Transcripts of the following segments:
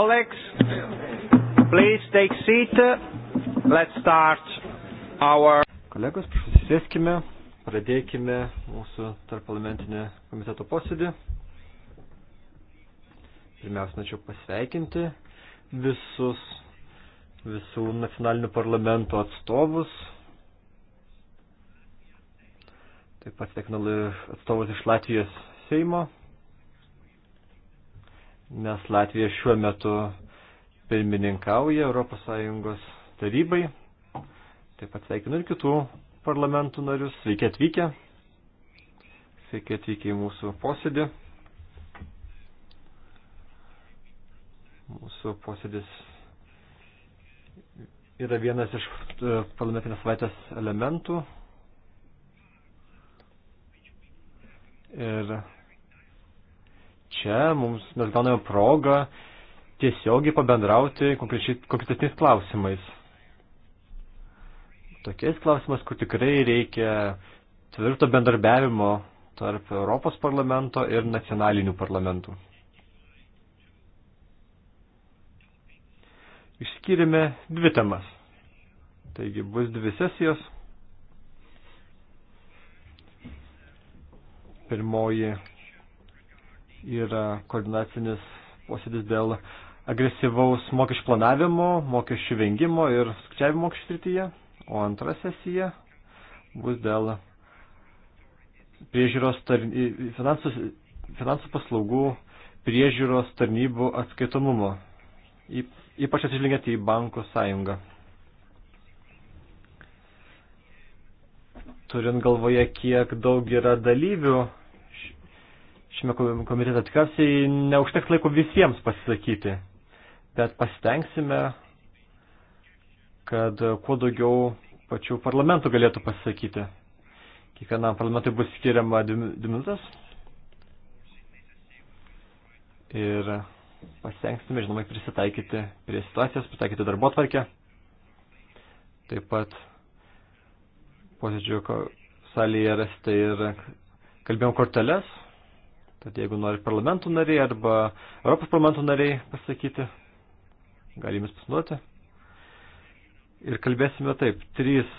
Colleagues, please take seat. Let's start our. Kolegos, susėskime, pradėkime mūsų tarpparlamentinę komiteto posėdį. Pirmiausia, norėčiau pasveikinti visus, visų nacionalinių parlamentų atstovus. Taip pat sveikinu atstovus iš Latvijos Seimo nes Latvija šiuo metu pirmininkauja ES tarybai. Taip pat sveikinu ir kitų parlamentų narius. Sveiki atvykę. Sveiki atvykę į mūsų posėdį. Mūsų posėdis yra vienas iš e, parlamentinės savaitės elementų. Ir čia mums mes gauname progą tiesiogiai pabendrauti konkretesniais klausimais. Tokiais klausimas, kur tikrai reikia tvirto bendarbiavimo tarp Europos parlamento ir nacionalinių parlamentų. Išskyrėme dvi temas. Taigi bus dvi sesijos. Pirmoji yra koordinacinis posėdis dėl agresyvaus mokesčių planavimo, mokesčių vengimo ir skaičiavimo mokesčių srityje, o antra sesija bus dėl priežiūros tarn... finansų, finansų paslaugų priežiūros tarnybų atskaitomumo, ypač atsižvelgiant į bankų sąjungą. Turint galvoje, kiek daug yra dalyvių šiame komitete tikriausiai neužteks laiko visiems pasisakyti, bet pasitengsime, kad kuo daugiau pačių parlamentų galėtų pasisakyti. Kiekvienam parlamentui bus skiriama dvi minutės. Ir pasitengsime, žinoma, prisitaikyti prie situacijos, pritaikyti darbo tvarkę. Taip pat posėdžio salėje rasti ir kalbėjom korteles Tad jeigu nori parlamentų nariai arba Europos parlamentų nariai pasakyti, galime pasinaudoti. Ir kalbėsime taip, trys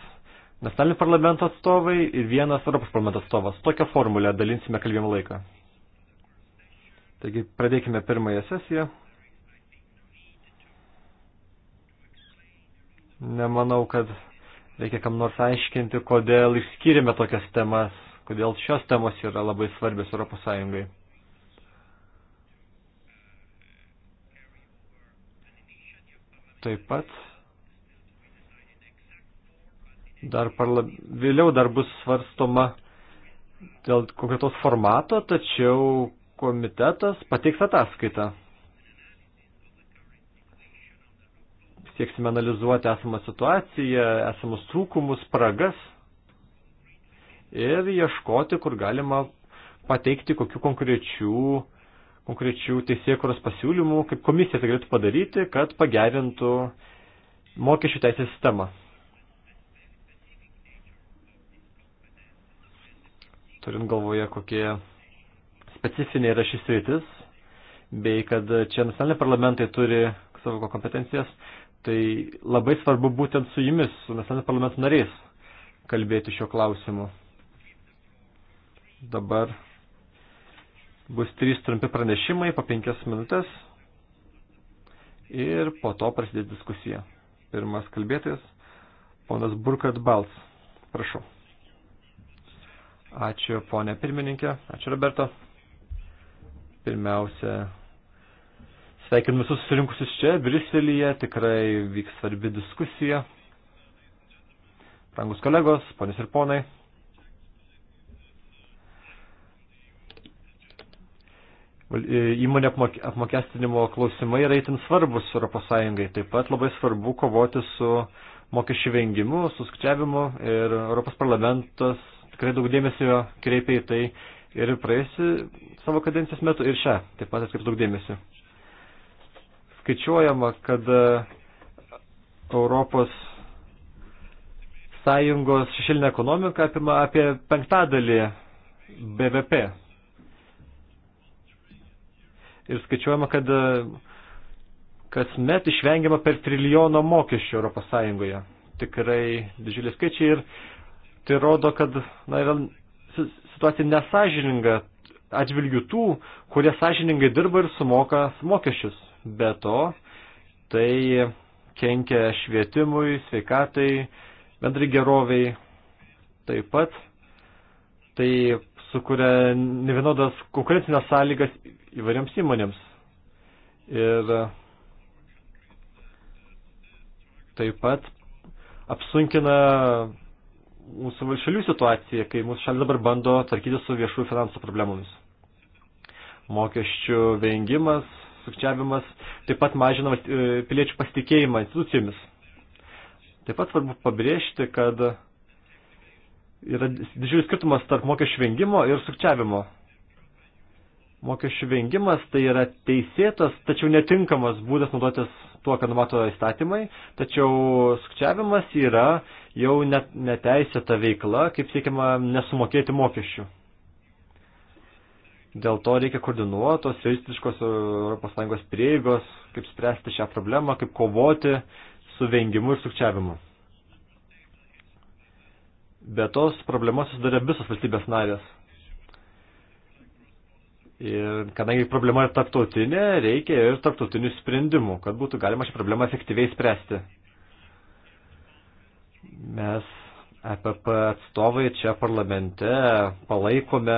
nacionalinių parlamento atstovai ir vienas Europos parlamento atstovas. Tokią formulę dalinsime kalbėjimo laiką. Taigi pradėkime pirmąją sesiją. Nemanau, kad reikia kam nors aiškinti, kodėl išskyrėme tokias temas kodėl šios temos yra labai svarbios Europos Sąjungai. Taip pat dar parla... vėliau dar bus svarstoma dėl konkretos formato, tačiau komitetas pateiks ataskaitą. Sieksime analizuoti esamą situaciją, esamus trūkumus, spragas ir ieškoti, kur galima pateikti kokių konkrečių, konkrečių teisėkuros pasiūlymų, kaip komisija tai galėtų padaryti, kad pagerintų mokesčių teisės sistemą. Turint galvoje, kokie specifinė yra šis rytis, bei kad čia nacionaliniai parlamentai turi savo kompetencijas, tai labai svarbu būtent su jumis, su nacionaliniu parlamentu nariais, kalbėti šio klausimu. Dabar bus trys trumpi pranešimai po penkias minutės ir po to prasidės diskusija. Pirmas kalbėtojas, ponas Burkart Balts. Prašau. Ačiū, ponė pirmininkė. Ačiū, Roberto. Pirmiausia, sveikinu visus susirinkusius čia, Briuselyje. Tikrai vyks svarbi diskusija. Rangus kolegos, ponės ir ponai. E, įmonė apmokestinimo klausimai yra itin svarbus ES. Taip pat labai svarbu kovoti su mokesčių vengimu, suskčiavimu ir Europos parlamentas tikrai daug dėmesio kreipia į tai ir praėjusi savo kadencijos metu ir šią taip pat atskirs daug dėmesio. Skaičiuojama, kad e, Europos sąjungos šešėlinė ekonomika apima apie penktadalį BVP ir skaičiuojama, kad e, kasmet išvengiama per trilijono mokesčių Europos Sąjungoje. Tikrai didžiulis skaičiai ir tai rodo, kad na, yra situacija nesažininga atžvilgių tų, kurie sąžiningai dirba ir sumoka mokesčius. Be to, tai kenkia švietimui, sveikatai, bendrai geroviai. Taip pat tai sukuria nevienodas konkurencinės sąlygas įvairiams įmonėms. Ir taip pat apsunkina mūsų šalių situaciją, kai mūsų šalis dabar bando tvarkyti su viešų finansų problemomis. Mokesčių vengimas, sukčiavimas taip pat mažina e, piliečių pasitikėjimą institucijomis. Taip pat svarbu pabrėžti, kad yra didžiulis skirtumas tarp mokesčių vengimo ir sukčiavimo. Mokesčių vengimas tai yra teisėtas, tačiau netinkamas būdas naudotis tuo, ką numato įstatymai, tačiau skčiavimas yra jau net, neteisėta veikla, kaip siekiama nesumokėti mokesčių. Dėl to reikia koordinuotos, realistiškos ES prieigos, kaip spręsti šią problemą, kaip kovoti su vengimu ir sukčiavimu. Be tos problemos susidarė visos valstybės narės. Ir kadangi problema yra tarptautinė, reikia ir tarptautinių sprendimų, kad būtų galima šią problemą efektyviai spręsti. Mes EPP atstovai čia parlamente palaikome,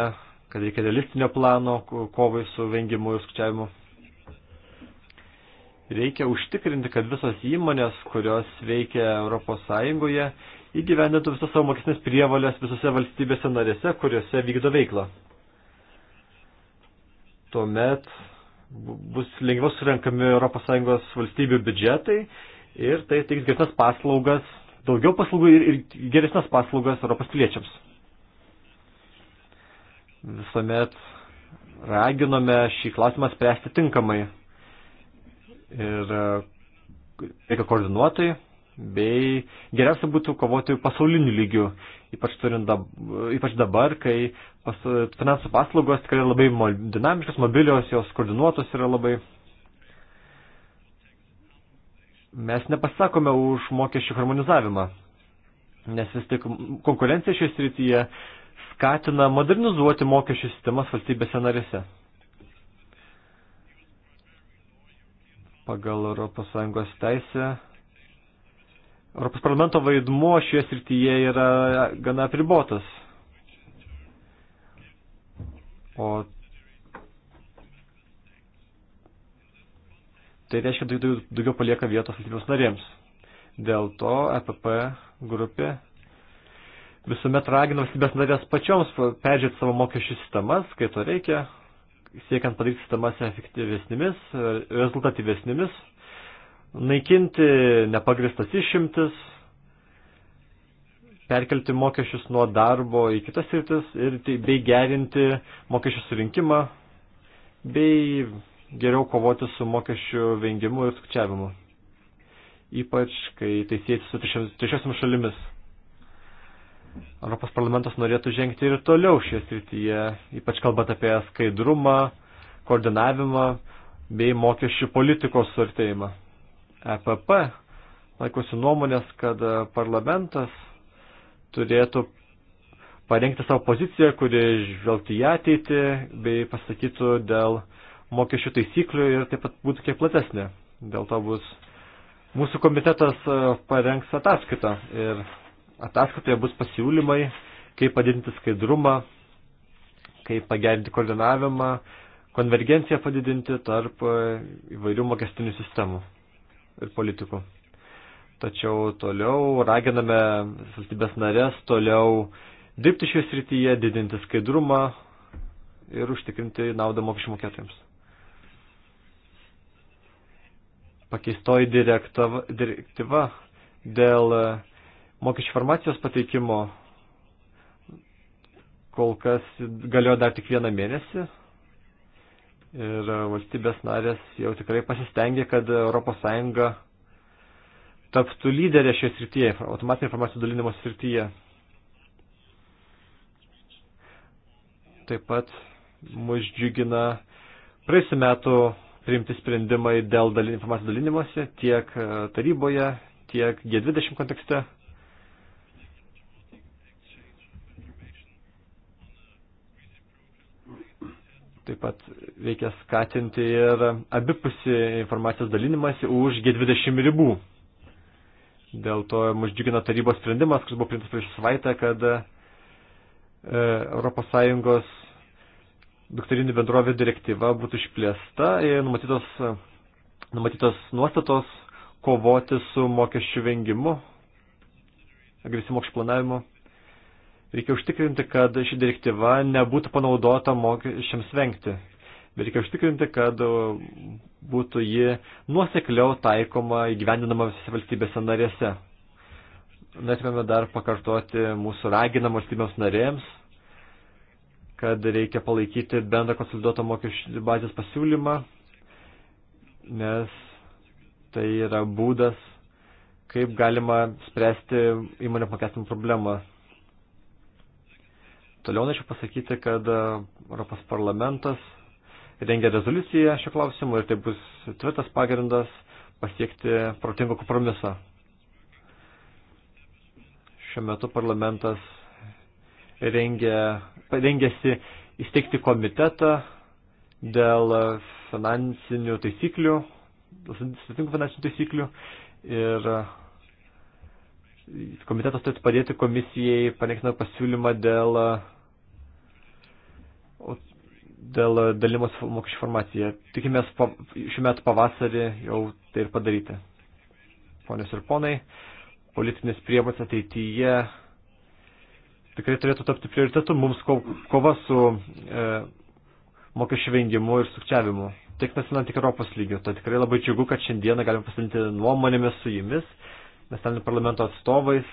kad reikia realistinio plano kovai su vengimu ir skučiavimu. Reikia užtikrinti, kad visos įmonės, kurios veikia Europos Sąjungoje, įgyvendintų visas savo mokestinės prievalės visose valstybėse narėse, kuriuose vykdo veiklą tuomet bus lengviau surenkami ES valstybių biudžetai ir tai teiks geresnės paslaugas, daugiau paslaugų ir, ir geresnės paslaugas Europos piliečiams. Visuomet raginome šį klausimą spręsti tinkamai ir e, reikia koordinuotai, bei geriausia būtų kovoti pasauliniu lygiu ypač, dab, ypač dabar, kai pas, finansų paslaugos tikrai labai mo, dinamiškas, mobilios, jos koordinuotos yra labai. Mes nepasakome už mokesčių harmonizavimą, nes vis tik konkurencija šioje srityje skatina modernizuoti mokesčių sistemas valstybėse narėse. Pagal ES teisę Europos parlamento vaidmuo šioje srityje yra gana pribotas. O tai reiškia, tai daugiau, daugiau palieka vietos valstybės narėms. Dėl to EPP grupė visuomet ragina valstybės narės pačioms peržiūrėti savo mokesčių sistemas, kai to reikia, siekiant padaryti sistemas efektyvesnėmis, rezultatyvesnėmis naikinti nepagristas išimtis, perkelti mokesčius nuo darbo į kitas rytis ir tai, bei gerinti mokesčių surinkimą, bei geriau kovoti su mokesčių vengimu ir sukčiavimu. Ypač, kai tai siejasi su trečiosiam šalimis. Europos parlamentas norėtų žengti ir toliau šioje srityje, ypač kalbant apie skaidrumą, koordinavimą bei mokesčių politikos suartėjimą. EPP laikosi nuomonės, kad e, parlamentas turėtų parengti savo poziciją, kuri žvelgtų į ateitį bei pasakytų dėl mokesčių taisyklių ir taip pat būtų kiek platesnė. Dėl to bus mūsų komitetas e, parengs ataskaitą ir ataskaitoje bus pasiūlymai, kaip padidinti skaidrumą, kaip pagerinti koordinavimą, konvergenciją padidinti tarp e, įvairių mokestinių sistemų ir politikų. Tačiau toliau raginame valstybės narės toliau dirbti šioje srityje, didinti skaidrumą ir užtikrinti naudą mokesčių mokėtojams. Pakeistoji direktyva dėl mokesčių informacijos pateikimo kol kas galėjo dar tik vieną mėnesį, Ir e, valstybės narės jau tikrai pasistengė, kad ES taptų lyderė šioje srityje, automatinio informacijų dalinimo srityje. Taip pat mus džiugina praėjusiu metu priimti sprendimai dėl dalin, informacijos dalinimuose tiek e, taryboje, tiek G20 kontekste. Taip pat reikia skatinti ir abipusį informacijos dalinimąsi už G20 ribų. Dėl to mus džiugina tarybos sprendimas, kuris buvo priimtas prieš savaitę, kad ES doktorinių bendrovė direktyva būtų išplėsta ir numatytos, numatytos nuostatos kovoti su mokesčių vengimu, agresyvų mokesčių planavimu Reikia užtikrinti, kad ši direktyva nebūtų panaudota mokesčiams vengti. Reikia užtikrinti, kad būtų ji nuosekliau taikoma įgyvendinama visose valstybėse narėse. Norėtume dar pakartoti mūsų raginamą valstybėms narėms, kad reikia palaikyti bendrą konsoliduotą mokesčių bazės pasiūlymą, nes tai yra būdas, kaip galima spręsti įmonę apmokestinimo problemą. Toliau norėčiau pasakyti, kad e, Europos parlamentas rengia rezoliuciją šio klausimu ir tai bus tvirtas pagrindas pasiekti protingo kompromiso. Šiuo metu parlamentas rengia, rengiasi įsteigti komitetą dėl finansinių taisyklių, sudėtingų finansinių taisyklių ir e, komitetas turėtų padėti komisijai paneikti pasiūlymą dėl dėl e, dalimos mokesčių informacija. Tikimės šių metų pavasarį jau tai ir padaryti. Ponios ir ponai, politinės priemonės ateityje tikrai turėtų tapti prioritetu mums ko, kova su e, mokesčių vengimu ir sukčiavimu. Tiek nacionalinio, tiek Europos lygio. Tai tikrai labai džiugu, kad šiandieną galime pasidalinti nuomonėmis su jumis, nacionalinio parlamento atstovais.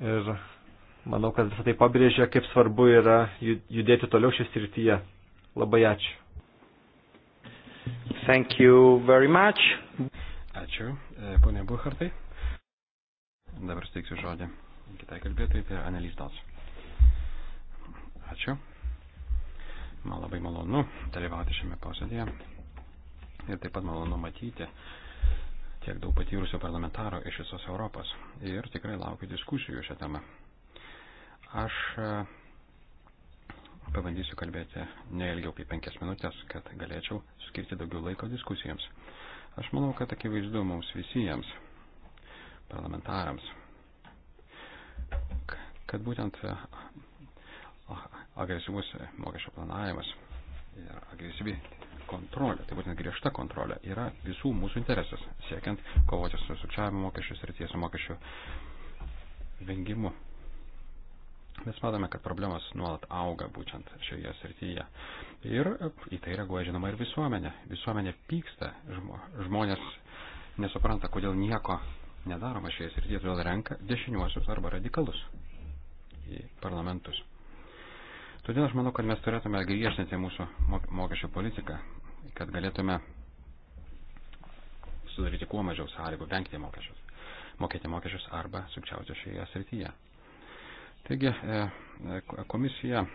Ir Manau, kad visą tai pabrėžia, kaip svarbu yra judėti toliau šis rytyje. Labai ačiū. Thank you very much. Ačiū, e, ponė Buhartai. Dabar steiksiu žodį kitai kalbėtojai, tai Anelys Dos. Ačiū. Man labai malonu dalyvauti šiame posėdėje. Ir taip pat malonu matyti tiek daug patyrusių parlamentarų iš visos Europos. Ir tikrai laukiu diskusijų šią temą. Aš e, pabandysiu kalbėti ne ilgiau kaip penkias minutės, kad galėčiau skirti daugiau laiko diskusijoms. Aš manau, kad akivaizdu mums visiems, parlamentarams, kad būtent e, agresyvus mokesčio planavimas ir agresyvi kontrolė, tai būtent griežta kontrolė, yra visų mūsų interesas, siekiant kovoti su sukčiavimo mokesčius ir tiesų mokesčių vengimu. Mes matome, kad problemos nuolat auga būtent šioje srityje. Ir e, į tai reaguoja žinoma ir visuomenė. Visuomenė pyksta, žmonės nesupranta, kodėl nieko nedaroma šioje srityje, todėl renka dešiniuosius arba radikalus į parlamentus. Todėl aš manau, kad mes turėtume griežtinti mūsų mokesčio politiką, kad galėtume sudaryti kuo mažiau sąlygų vengti mokesčius, mokėti mokesčius arba sukčiauti šioje srityje. Taigi, e, e, komisija e,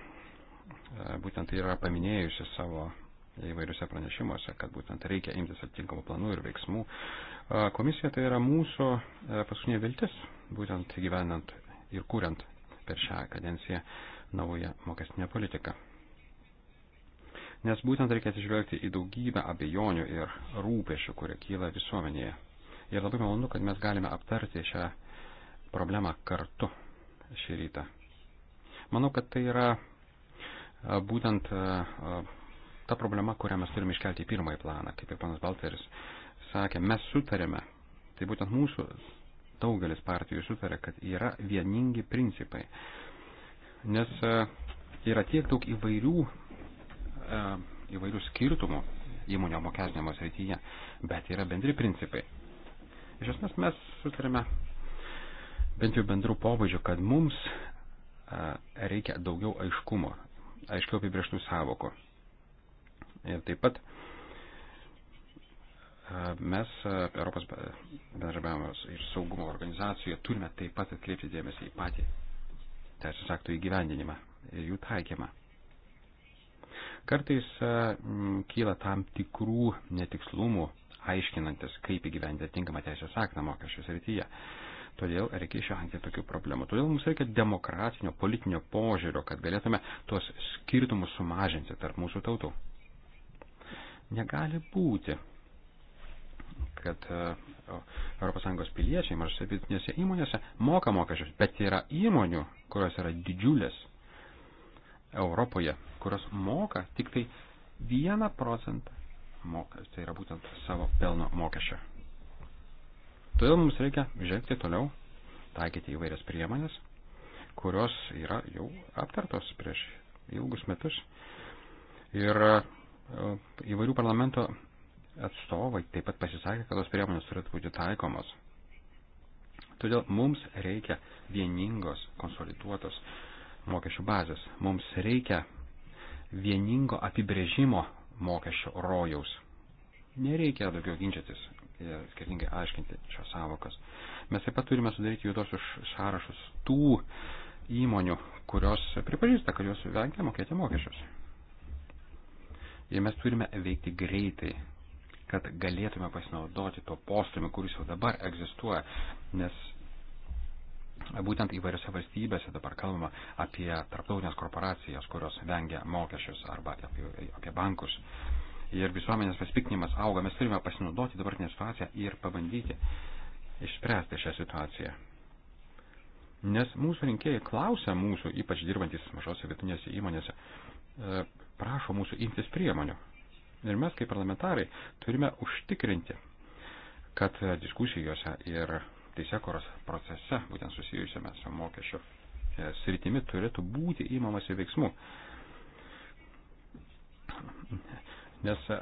būtent tai yra paminėjusi savo įvairiuose pranešimuose, kad būtent reikia imtis atitinkamų planų ir veiksmų. Komisija tai yra mūsų paskutinė viltis, būtent gyvenant ir kuriant per šią kadenciją naują mokestinę politiką. Nes būtent reikia atsižvelgti į daugybę abejonių ir rūpešių, kurie kyla visuomenėje. Ir labai malonu, kad mes galime aptarti šią problemą kartu šį rytą. Manau, kad tai yra e, būtent e, e, ta problema, kurią mes turime iškelti į pirmąjį planą, kaip ir panas Balteris sakė, mes sutarėme, tai būtent mūsų daugelis partijų sutarė, kad yra vieningi principai. Nes yra tiek daug įvairių, įvairių skirtumų įmonio mokesnėmo srityje, bet yra bendri principai. Iš esmės mes sutarėme bent jau bendrų pobūdžių, kad mums reikia daugiau aiškumo, aiškiau apibrieštų savokų. Ir taip pat mes Europos bendrabiavimas ir saugumo organizacijoje turime taip pat atkreipti dėmesį į patį teisės aktų įgyvendinimą ir jų taikymą. Kartais kyla tam tikrų netikslumų aiškinantis, kaip įgyvendinti tinkamą teisės aktą mokesčių srityje. Tai Todėl reikia išvengti tokių problemų. Todėl mums reikia demokratinio, politinio požiūrio, kad galėtume tuos skirtumus sumažinti tarp mūsų tautų. Negali būti, kad ES piliečiai mažose vidutinėse įmonėse moka mokesčius, bet yra įmonių, kurios yra didžiulės Europoje, kurios moka tik tai vieną procentą mokas, tai yra būtent savo pelno mokesčio. Todėl mums reikia žengti toliau, taikyti įvairias priemonės, kurios yra jau aptartos prieš ilgus metus. Ir e, įvairių parlamento atstovai taip pat pasisakė, kad tos priemonės turėtų būti taikomos. Todėl mums reikia vieningos, konsoliduotos mokesčių bazės. Mums reikia vieningo apibrėžimo mokesčio rojaus. Nereikia daugiau ginčytis ir skirtingai aiškinti šios savokas. Mes taip pat turime sudaryti juodosius sąrašus tų įmonių, kurios pripažįsta, kad jos vengia mokėti mokesčius. Ir mes turime veikti greitai, kad galėtume pasinaudoti to postumį, kuris jau dabar egzistuoja, nes Būtent įvairiose valstybėse dabar kalbama apie tarptautinės korporacijas, kurios vengia mokesčius arba apie, apie bankus. Uh, ir visuomenės pasipiktinimas auga. Mes turime pasinaudoti dabartinę situaciją ir pabandyti išspręsti šią situaciją. Nes mūsų rinkėjai klausia mūsų, ypač dirbantis mažose vietinėse įmonėse, e, prašo mūsų imtis priemonių. Ir mes kaip parlamentarai turime užtikrinti, kad diskusijose ir teisėkoros procese, būtent susijusiame su mokesčiu e, sritimi, turėtų būti įmamasi veiksmų nes e,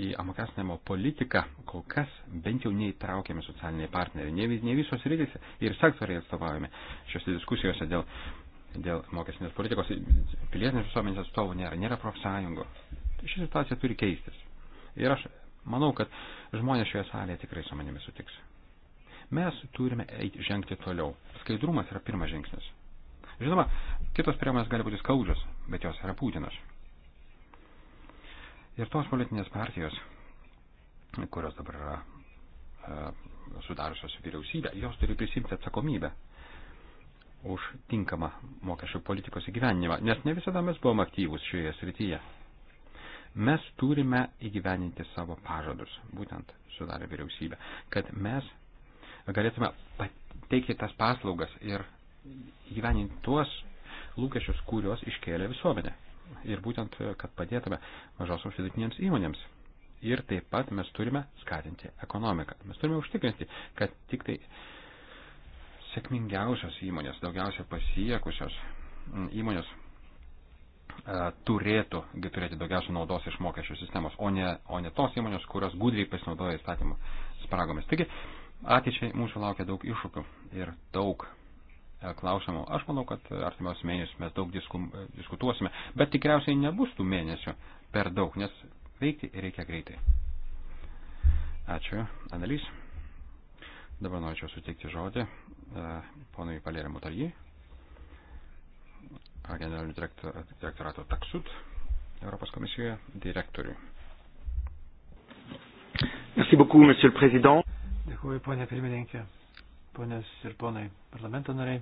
į amokestinimo politiką kol kas bent jau neįtraukiami socialiniai partneriai, ne, ne visos rytis ir sektoriai atstovaujami šiuose diskusijose dėl, dėl mokestinės politikos, pilietinės visuomenės atstovų nėra, nėra profsąjungų. Tai ši situacija turi keistis. Ir aš manau, kad žmonės šioje salėje tikrai su manimi sutiks. Mes turime eiti žengti toliau. Skaidrumas yra pirmas žingsnis. Žinoma, kitos priemonės gali būti skaudžios, bet jos yra būtinos. Ir tos politinės partijos, kurios dabar yra e, sudariusios vyriausybę, jos turi prisimti atsakomybę už tinkamą mokesčių politikos įgyvenimą, nes ne visada mes buvom aktyvūs šioje srityje. Mes turime įgyveninti savo pažadus, būtent sudarę vyriausybę, kad mes galėtume pateikti tas paslaugas ir įgyveninti tuos lūkesčius, kuriuos iškėlė visuomenė ir būtent, e, kad padėtume mažosioms vidutinėms įmonėms. Ir taip pat mes turime skatinti ekonomiką. Mes turime užtikrinti, kad tik tai sėkmingiausios įmonės, daugiausia pasiekusios įmonės e, turėtų turėti daugiausia naudos iš mokesčių sistemos, o ne, o ne tos įmonės, kurios gudriai pasinaudoja įstatymų spragomis. Taigi, ateičiai mūsų laukia daug iššūkių ir daug E, klausimų. Aš manau, kad artimiausius mėnesius mes daug diskum, e, diskutuosime, bet tikriausiai nebus tų mėnesių per daug, nes veikti reikia greitai. Ačiū, Analys. Dabar norėčiau suteikti žodį e, ponui Palėrė Mutarjį, generalinio direktorato Taksut, Europos komisijoje direktoriui. Merci beaucoup, monsieur le président. Dėkuoju, ponė pirmininkė ponės ir ponai parlamento nariai.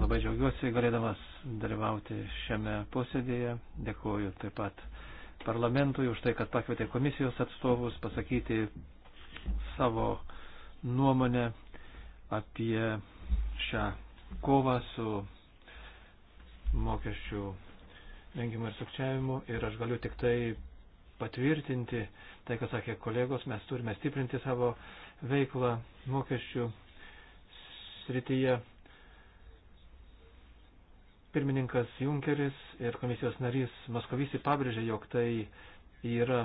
Labai džiaugiuosi galėdamas dalyvauti šiame posėdėje. Dėkuoju taip pat parlamentui už tai, kad pakvietė komisijos atstovus pasakyti savo nuomonę apie šią kovą su mokesčių vengimu ir sukčiavimu. Ir aš galiu tik tai patvirtinti tai, ką sakė kolegos, mes turime stiprinti savo veiklą mokesčių srityje. Pirmininkas Junkeris ir komisijos narys Moskovysi pabrėžė, jog tai yra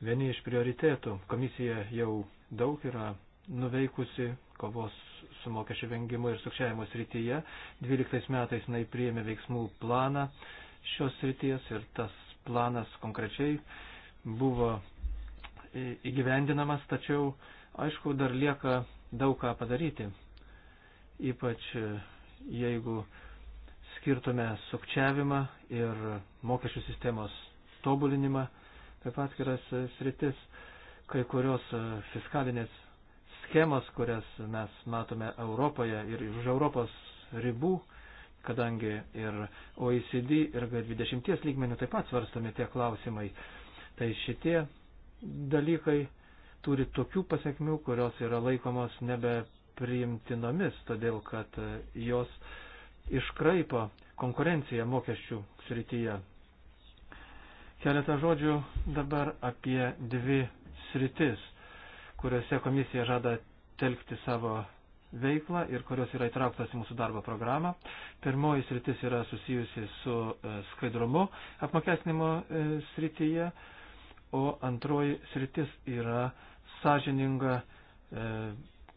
vieni iš prioritėtų. Komisija jau daug yra nuveikusi kovos su mokesčių vengimo ir sukčiavimo srityje. 12 metais jinai priėmė veiksmų planą šios srities ir tas planas konkrečiai buvo įgyvendinamas, tačiau Aišku, dar lieka daug ką padaryti, ypač e, jeigu skirtume sukčiavimą ir mokesčių sistemos tobulinimą, kaip atskiras e, sritis, kai kurios e, fiskalinės schemas, kurias mes matome Europoje ir už Europos ribų, kadangi ir OECD ir G20 lygmenių taip pat svarstami tie klausimai. Tai šitie dalykai turi tokių pasiekmių, kurios yra laikomos nebepriimtinomis, todėl kad e, jos iškraipo konkurenciją mokesčių srityje. Keletą žodžių dabar apie dvi sritis, kuriuose komisija žada telkti savo veiklą ir kurios yra įtrauktas į mūsų darbo programą. Pirmoji sritis yra susijusi su e, skaidrumu apmokestinimo e, srityje, o antroji sritis yra sąžininga e,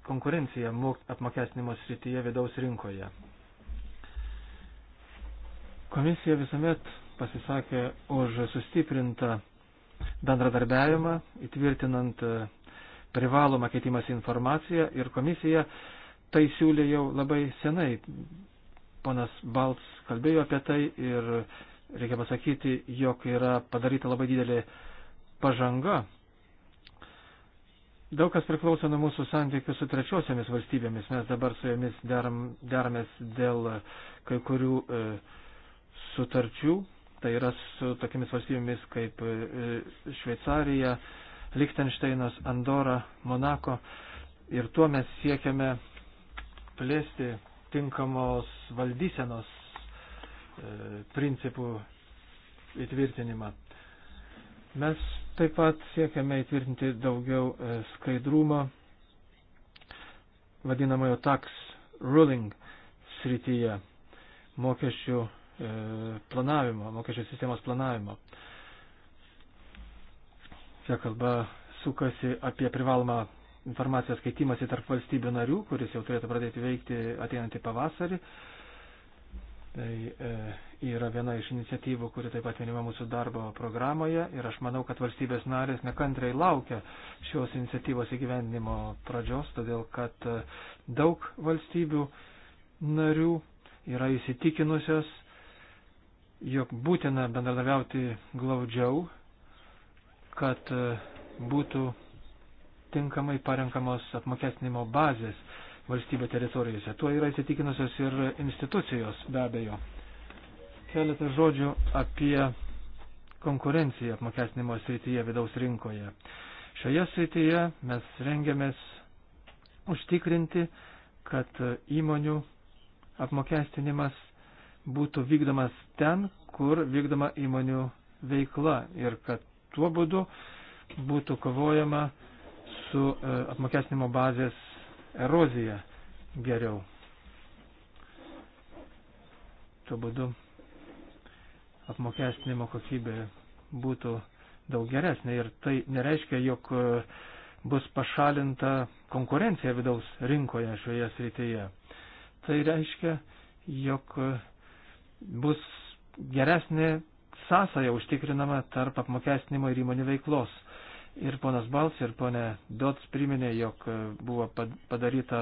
konkurencija apmokestinimo srityje vidaus rinkoje. Komisija visuomet pasisakė už sustiprintą bendradarbiavimą, įtvirtinant e, privalomą keitimas informaciją ir komisija tai siūlė jau labai senai. Ponas Balts kalbėjo apie tai ir reikia pasakyti, jog yra padaryta labai didelė pažanga Daug kas priklauso nuo mūsų santykių su trečiosiamis valstybėmis. Mes dabar su jomis deram, deramės dėl kai kurių e, sutarčių. Tai yra su tokiamis valstybėmis kaip e, Šveicarija, Liechtensteinas, Andora, Monako. Ir tuo mes siekiame plėsti tinkamos valdysenos e, principų įtvirtinimą. Mes Taip pat siekiame įtvirtinti daugiau e, skaidrumo vadinamojo tax ruling srityje mokesčių e, planavimo, mokesčių sistemos planavimo. Čia kalba sukasi apie privalomą informacijos keitimąsi tarp valstybių narių, kuris jau turėtų pradėti veikti ateinantį pavasarį. Tai e, yra viena iš iniciatyvų, kuri taip pat minima mūsų darbo programoje ir aš manau, kad valstybės narės nekantrai laukia šios iniciatyvos įgyvendinimo pradžios, todėl kad e, daug valstybių narių yra įsitikinusios, jog būtina bendradarbiauti glaudžiau, kad e, būtų tinkamai parenkamos apmokestinimo bazės valstybė teritorijose. Tuo yra įsitikinusios ir institucijos be abejo. Keletą žodžių apie konkurenciją apmokestinimo srityje vidaus rinkoje. Šioje srityje mes rengiamės užtikrinti, kad įmonių apmokestinimas būtų vykdomas ten, kur vykdoma įmonių veikla ir kad tuo būdu būtų kovojama su e, apmokestinimo bazės eroziją geriau. Tuo būdu apmokestinimo kokybė būtų daug geresnė ir tai nereiškia, jog e, bus pašalinta konkurencija vidaus rinkoje šioje srityje. Tai reiškia, jog e, bus geresnė sąsaja užtikrinama tarp apmokestinimo ir įmonių veiklos Ir ponas Bals ir ponė Dots priminė, jog e, buvo padaryta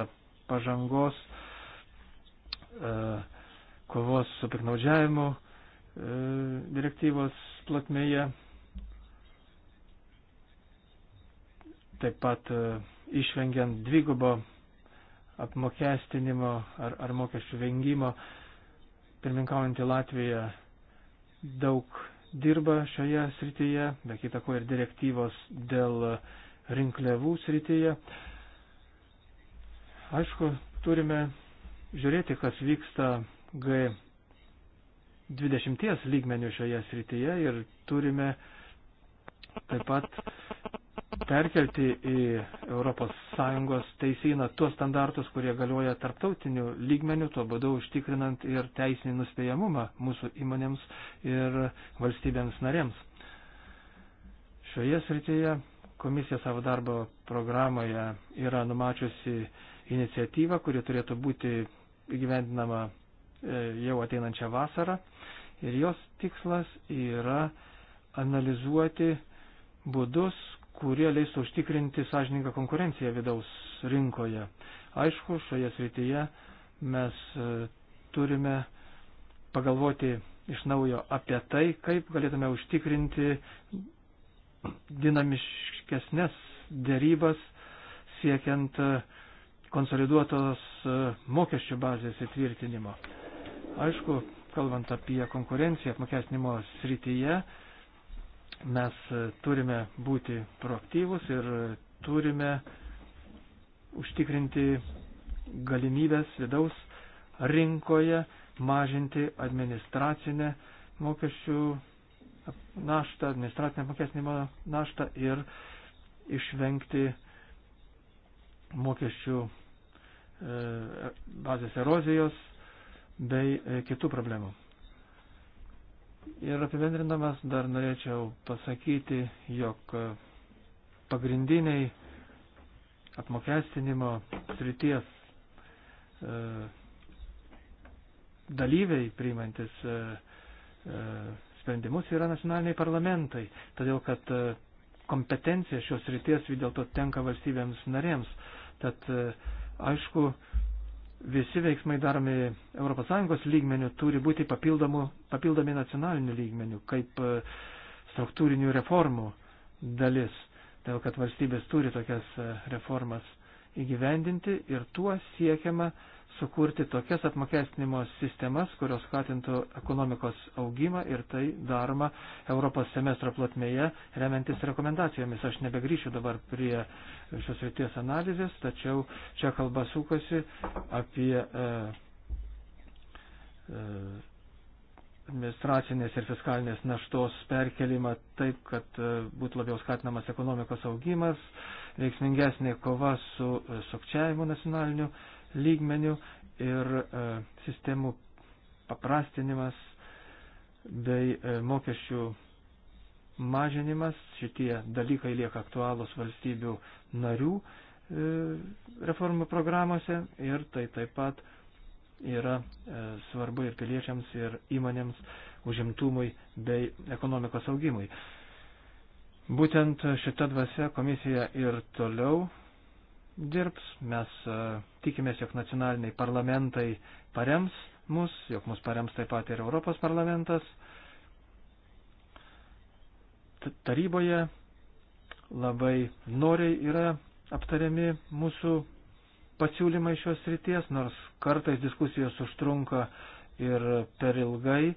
pažangos e, kovos su piknaudžiavimu e, direktyvos platmėje. Taip pat išvengiant dvigubo apmokestinimo ar, ar mokesčių vengimo, pirminkaujantį Latviją daug dirba šioje srityje, be kita ko ir direktyvos dėl rinkliavų srityje. Aišku, turime žiūrėti, kas vyksta G20 lygmenių šioje srityje ir turime taip pat perkelti į ES teisyną tuos standartus, kurie galioja tarptautiniu lygmeniu, tuo būdu užtikrinant ir teisinį nuspėjamumą mūsų įmonėms ir valstybėms narėms. Šioje srityje komisija savo darbo programoje yra numačiusi iniciatyvą, kuri turėtų būti įgyvendinama e, jau ateinančią vasarą. Ir jos tikslas yra analizuoti būdus, kurie leistų užtikrinti sąžininką konkurenciją vidaus rinkoje. Aišku, šioje srityje mes e, turime pagalvoti iš naujo apie tai, kaip galėtume užtikrinti dinamiškesnės dėrybas siekiant e, konsoliduotos e, mokesčių bazės įtvirtinimo. Aišku, kalbant apie konkurenciją apmokestinimo srityje, mes e, turime būti proaktyvus ir turime užtikrinti galimybės vidaus rinkoje mažinti administracinę mokesčių naštą, administracinę mokestinimo naštą ir išvengti mokesčių e, bazės erozijos bei e, kitų problemų. Ir apibendrindamas dar norėčiau pasakyti, jog pagrindiniai apmokestinimo srities e, dalyviai priimantis e, e, sprendimus yra nacionaliniai parlamentai, todėl kad e, kompetencija šios srities vis dėlto tenka valstybėms narėms. Tad e, aišku, e, visi veiksmai daromi ES lygmenių turi būti papildomi nacionaliniu lygmeniu, kaip e, struktūrinių reformų dalis, dėl kad valstybės turi tokias e, reformas įgyvendinti ir tuo siekiama sukurti tokias apmokestinimo sistemas, kurios skatintų ekonomikos augimą ir tai daroma Europos semestro plotmėje remiantis rekomendacijomis. Aš nebegrįšiu dabar prie šios ryties analizės, tačiau čia kalba sukasi apie e, e, administracinės ir fiskalinės naštos perkelimą taip, kad e, būtų labiau skatinamas ekonomikos augimas, veiksmingesnė kova su e, sukčiavimu nacionaliniu lygmenių ir e, sistemų paprastinimas bei e, mokesčių mažinimas. Šitie dalykai lieka aktualūs valstybių narių e, reformų programuose ir tai taip pat yra e, svarbu ir piliečiams, ir įmonėms užimtumui bei ekonomikos augimui. Būtent šita dvasia komisija ir toliau dirbs. Mes e, tikimės, jog nacionaliniai parlamentai parems mus, jog mus parems taip pat ir Europos parlamentas. Taryboje labai noriai yra aptariami mūsų pasiūlymai šios ryties, nors kartais diskusijos užtrunka ir per ilgai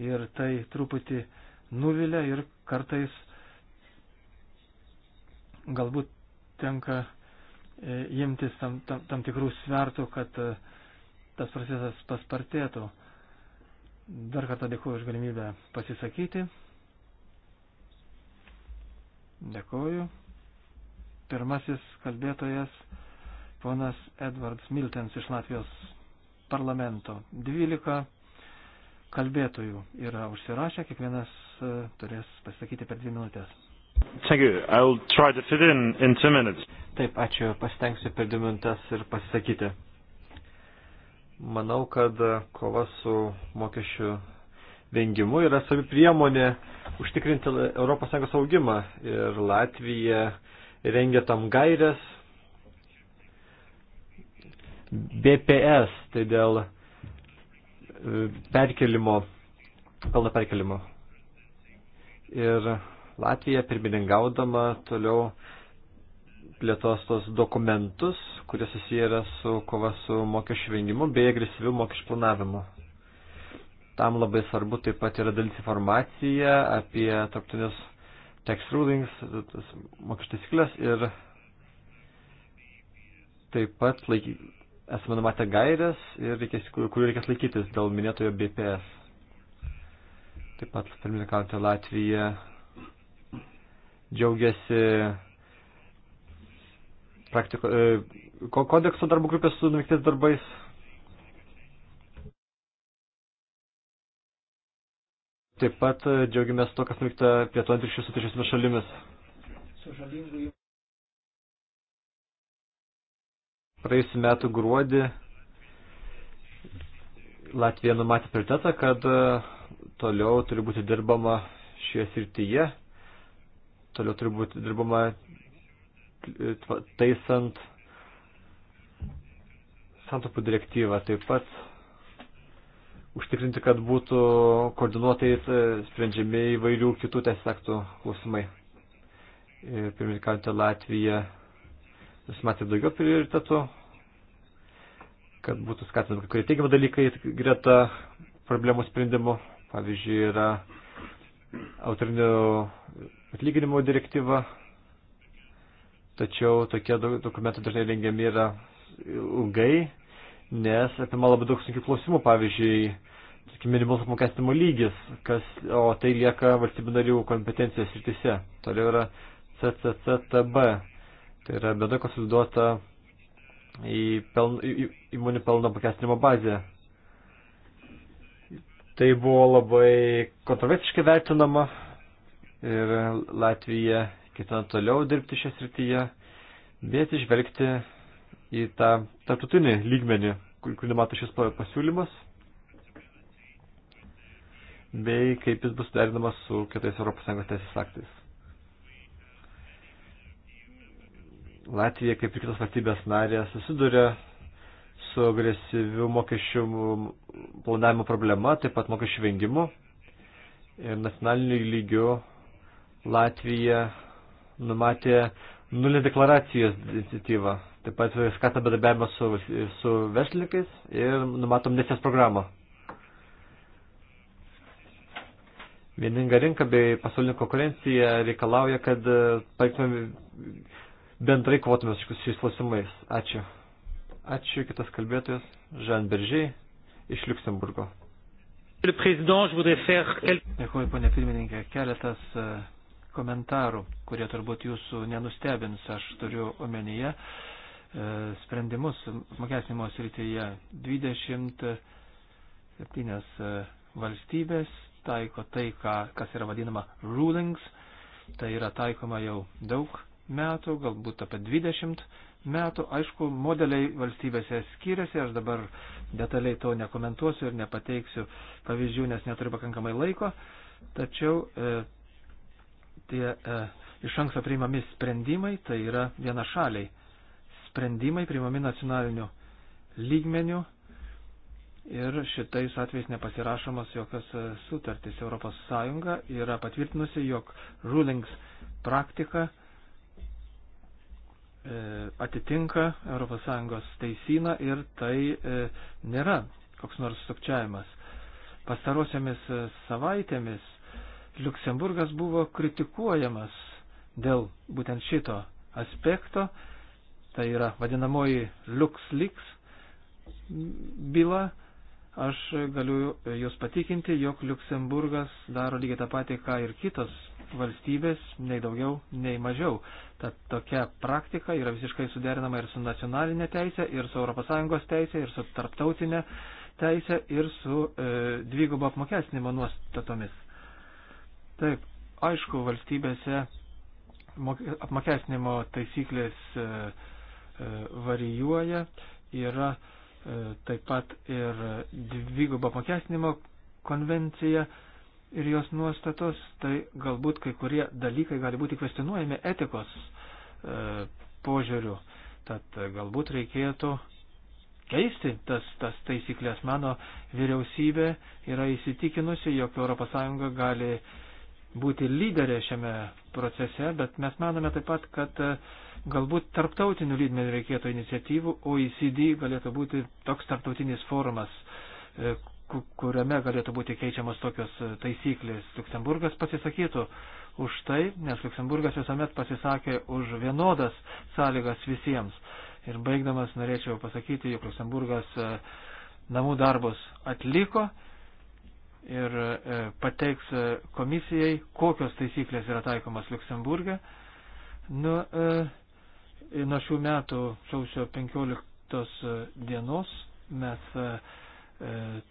ir tai truputį nuvilia ir kartais galbūt tenka E, imtis tam, tam, tam tikrų svertų, kad e, tas procesas paspartėtų. Dar kartą dėkuoju už galimybę pasisakyti. Dėkuoju. Pirmasis kalbėtojas ponas Edvards Miltens iš Latvijos parlamento. 12 kalbėtojų yra užsirašę, kiekvienas e, turės pasakyti per dvi minutės. Taip, ačiū. Pasitengsiu per dvi minutės ir pasisakyti. Manau, kad e, kova su mokesčių vengimu yra savi priemonė užtikrinti ES augimą. Ir Latvija rengia tam gairias. BPS, tai dėl e, perkelimo, pelno perkelimo. Ir Latvija pirmininkaudama toliau plėtos tos dokumentus, kurie susiję yra su kova su mokesčių vengimu bei agresyviu mokesčių planavimu. Tam labai svarbu taip pat yra dalis informacija apie tarptautinės tax rulings, mokesčių taisyklės ir taip pat laiky, esame numatę gairias, reikės, kurių reikės laikytis dėl minėtojo BPS. Taip pat pirmininkaujantį Latviją džiaugiasi praktiko, e, kodekso darbo grupės su nuveiktais darbais. Taip pat e, džiaugiamės to, kas nuveikta plėtojant ryšius su trečiosiomis šalimis. Praėjusiu metu gruodį Latvija numatė prioritetą, kad e, toliau turi būti dirbama šioje srityje. Toliau turi būti dirbama taisant santopų direktyvą. Taip pat užtikrinti, kad būtų koordinuotai e, sprendžiami įvairių kitų teisės aktų klausimai. Ir pirmininkantė Latvija nusimatė daugiau prioritetų, kad būtų skatinami kai kurie teigiami dalykai greta problemų sprendimų. Pavyzdžiui, yra autorinių atlyginimo direktyva, tačiau tokie dokumentai dažnai rengiami yra ilgai, nes apima labai daug sunkių klausimų, pavyzdžiui, minimalus apmokestinimo lygis, kas, o tai lieka valstybių narių kompetencijos rytise. Toliau yra CCCTB, tai yra bendra konsoliduota į, peln, į įmonių pelno apmokestinimo bazę. Tai buvo labai kontroversiškai vertinama, ir Latvija ketina toliau dirbti šią srityje, bet išvelgti į tą tarptautinį lygmenį, kurį numato šis pasiūlymas, bei kaip jis bus derinamas su kitais ES teisės aktais. Latvija, kaip ir kitos valstybės narės, susiduria su agresyviu mokesčių planavimo problema, taip pat mokesčių vengimu ir nacionaliniu lygiu Latvija numatė nulį deklaracijos iniciatyvą. Taip pat skatą bedarbiavimą su, su verslininkais ir numatom nesės programą. Vieninga rinka bei pasaulinė konkurencija reikalauja, kad e, paiktumėm bendrai kovotume su šiais klausimais. Ačiū. Ačiū kitas kalbėtojas, Žan Beržiai iš Luxemburgo. Dėkuoju, ponė pirmininkė, keletas e, komentarų, kurie turbūt jūsų nenustebins. Aš turiu omenyje e, sprendimus mokesnimo srityje 27 e, valstybės taiko tai, ką, kas yra vadinama rulings, tai yra taikoma jau daug metų, galbūt apie 20 metų. Aišku, modeliai valstybėse skiriasi, aš dabar detaliai to nekomentuosiu ir nepateiksiu pavyzdžių, nes neturiu pakankamai laiko. Tačiau e, tie e, iš anksto priimami sprendimai, tai yra vienašaliai sprendimai priimami nacionaliniu lygmeniu ir šitais atvejais nepasirašomos jokios e, sutartys. Europos Sąjunga yra patvirtinusi, jog rulings praktika e, atitinka ES teisyną ir tai e, nėra koks nors sukčiavimas. Pastarosiamis savaitėmis Luksemburgas buvo kritikuojamas dėl būtent šito aspekto, tai yra vadinamoji LuxLeaks byla. Aš galiu jūs patikinti, jog Luksemburgas daro lygiai tą patį, ką ir kitos valstybės, nei daugiau, nei mažiau. Tad tokia praktika yra visiškai suderinama ir su nacionalinė teisė, ir su ES teisė, ir su tarptautinė teisė, ir su e, dvigubo apmokestinimo nuostatomis. Taip, aišku, valstybėse apmokestinimo taisyklės e, e, varijuoja, yra e, taip pat ir dvigubo apmokestinimo konvencija ir jos nuostatos, tai galbūt kai kurie dalykai gali būti kvestinuojami etikos požiūriu. Tad galbūt reikėtų keisti tas, tas taisyklės. Mano vyriausybė yra įsitikinusi, jog ES gali būti lyderė šiame procese, bet mes manome taip pat, kad e, galbūt tarptautinių lydmenių reikėtų iniciatyvų, OECD galėtų būti toks tarptautinis forumas, e, kuriame galėtų būti keičiamos tokios e, taisyklės. Luksemburgas pasisakytų už tai, nes Luksemburgas visuomet pasisakė už vienodas sąlygas visiems. Ir baigdamas norėčiau pasakyti, jog Luksemburgas namų darbus atliko ir e, pateiks e, komisijai, kokios taisyklės yra taikomas Luksemburgė. Nu, e, nuo šių metų sausio 15 dienos mes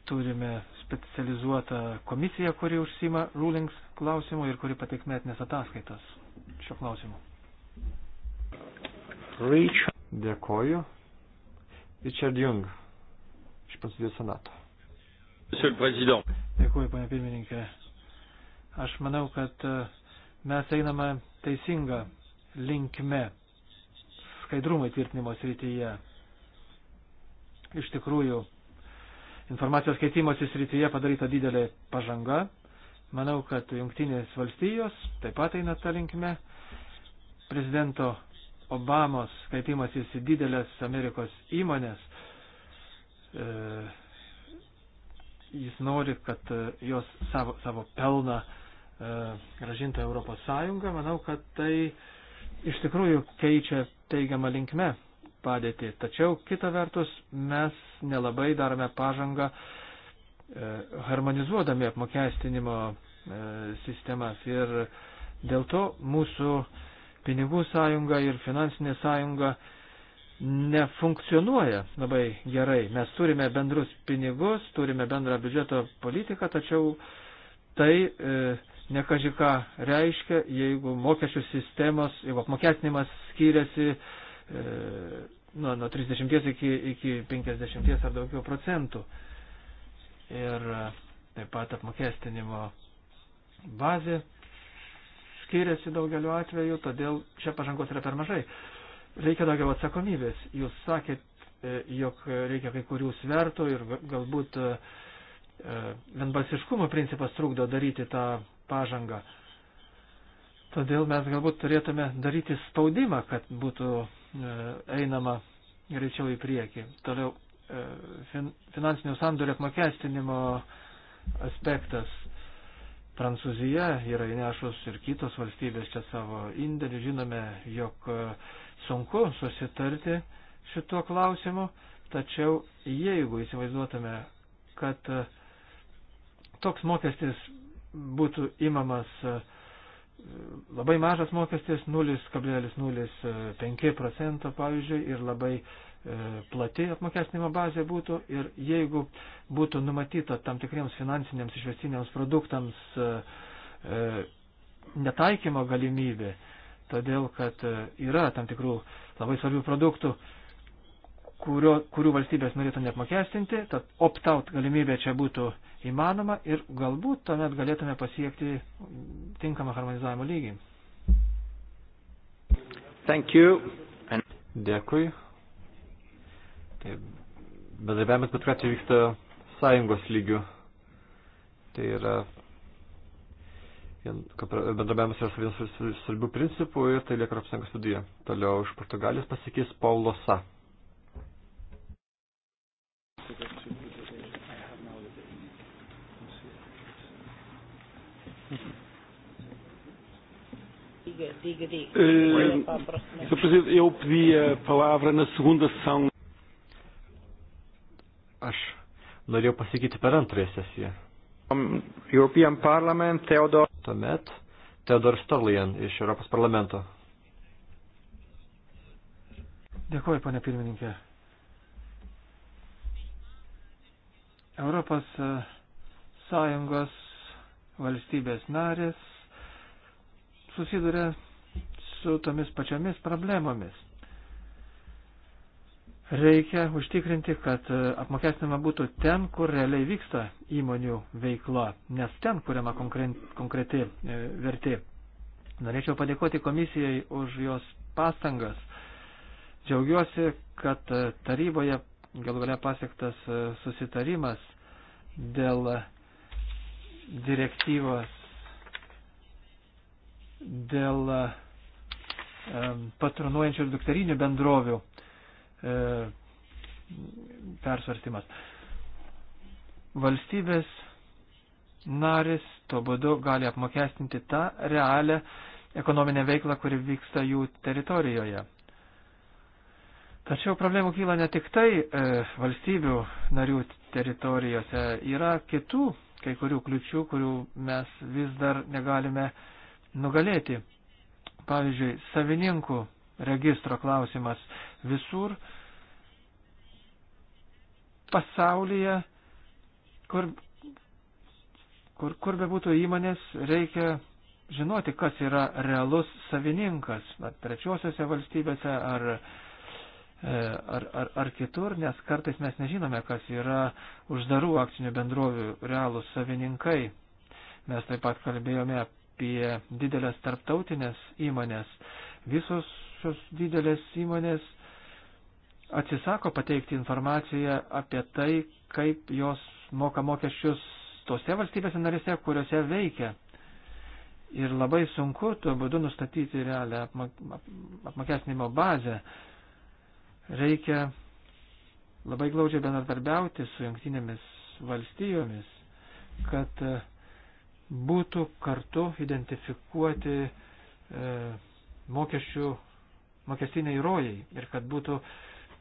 turime specializuotą komisiją, kuri užsima rulings klausimų ir kuri pateiks metinės ataskaitas šio klausimu. Richard. Dėkoju. Richard Jung iš Prancūzijos senato. Monsieur le Président. Dėkuoju, ponia pirmininkė. Aš manau, kad e, mes einame teisinga linkme skaidrumo įtvirtinimo srityje. Iš tikrųjų, informacijos keitimosi srityje padaryta didelė pažanga. Manau, kad jungtinės valstijos taip pat eina tą linkme. Prezidento Obamos skaitimasis į didelės Amerikos įmonės e, jis nori, kad e, jos savo, savo pelną e, gražintų Europos Sąjungą, manau, kad tai iš tikrųjų keičia teigiamą linkme padėtį. Tačiau kita vertus mes nelabai darome pažangą e, harmonizuodami apmokestinimo e, sistemas ir dėl to mūsų pinigų sąjunga ir finansinė sąjunga e, nefunkcionuoja labai gerai. Mes turime bendrus pinigus, turime bendrą biudžeto politiką, tačiau tai e, nekažika reiškia, jeigu mokesčių sistemos, jeigu apmokestinimas skiriasi e, nuo, nuo 30 iki, iki 50 ar daugiau procentų. Ir e, taip pat apmokestinimo bazė skiriasi daugeliu atveju, todėl čia pažangos yra per mažai. E, reikia daugiau atsakomybės. Jūs sakėt, e, jog reikia kai kurių svertų ir galbūt e, e, vienbalsiškumo principas trukdo daryti tą pažangą. Todėl mes galbūt turėtume daryti spaudimą, kad būtų einama greičiau į priekį. Toliau fin, finansinių sandorių apmokestinimo aspektas. Prancūzija yra įnešus ir kitos valstybės čia savo indėlį. Žinome, jog uh, sunku susitarti šituo klausimu, tačiau jeigu įsivaizduotume, kad e, toks mokestis būtų imamas e, labai mažas mokestis 0,05 e, procento, pavyzdžiui, ir labai plati apmokestinimo bazė būtų ir jeigu būtų numatyta tam tikriems finansiniams išvestiniams produktams netaikymo galimybė, todėl kad e, yra tam tikrų labai svarbių produktų, kurio, kurių valstybės norėtų neapmokestinti, tad opt-out galimybė čia būtų įmanoma ir galbūt tuomet galėtume pasiekti tinkamą harmonizavimo lygį. Thank you. And... Dėkui. Tai bendradarbiavimas bet kuriuo atveju vyksta sąjungos lygių. Tai yra bendrabiavimas yra vienas svarbių principų ir tai lieka Europos Sąjungos viduje. Toliau iš Portugalijos pasikeis Paulo Sa. Diga, diga, diga. Uh, Sr. Presidente, eu pedi a palavra na segunda sessão. Aš norėjau pasakyti per antrąją sesiją. Um, European Parliament, Theodor. Tuomet Theodor Storlijan iš Europos parlamento. Dėkuoju, pane pirmininkė. Europos e, Sąjungos valstybės narės susiduria su tomis pačiomis problemomis. Reikia užtikrinti, kad e, apmokestinama būtų ten, kur realiai vyksta įmonių veikla, nes ten kuriama konkreti e, vertė. Norėčiau padėkoti komisijai už jos pastangas. Džiaugiuosi, kad e, taryboje galų galia pasiektas susitarimas dėl direktyvos, dėl patronuojančių ir dukterinių bendrovių E, persvarstymas. Valstybės narės tuo būdu gali apmokestinti tą realią ekonominę veiklą, kuri vyksta jų teritorijoje. Tačiau problemų kyla ne tik tai e, valstybių narių teritorijose, yra kitų kai kurių kliučių, kurių mes vis dar negalime nugalėti. Pavyzdžiui, savininkų registro klausimas visur pasaulyje, kur, kur, kur bebūtų įmonės, reikia žinoti, kas yra realus savininkas, ar trečiosiose valstybėse, ar, e, ar, ar, ar kitur, nes kartais mes nežinome, kas yra uždarų akcinių bendrovių realūs savininkai. Mes taip pat kalbėjome apie didelės tarptautinės įmonės. Visos šios didelės įmonės atsisako pateikti informaciją apie tai, kaip jos moka mokesčius tose valstybėse narėse, kuriuose veikia. Ir labai sunku tuo būdu nustatyti realią apmokestinimo bazę. Reikia labai glaudžiai bendradarbiauti su jungtinėmis valstijomis, kad e, būtų kartu identifikuoti e, mokesčių, mokestiniai rojai ir kad būtų e,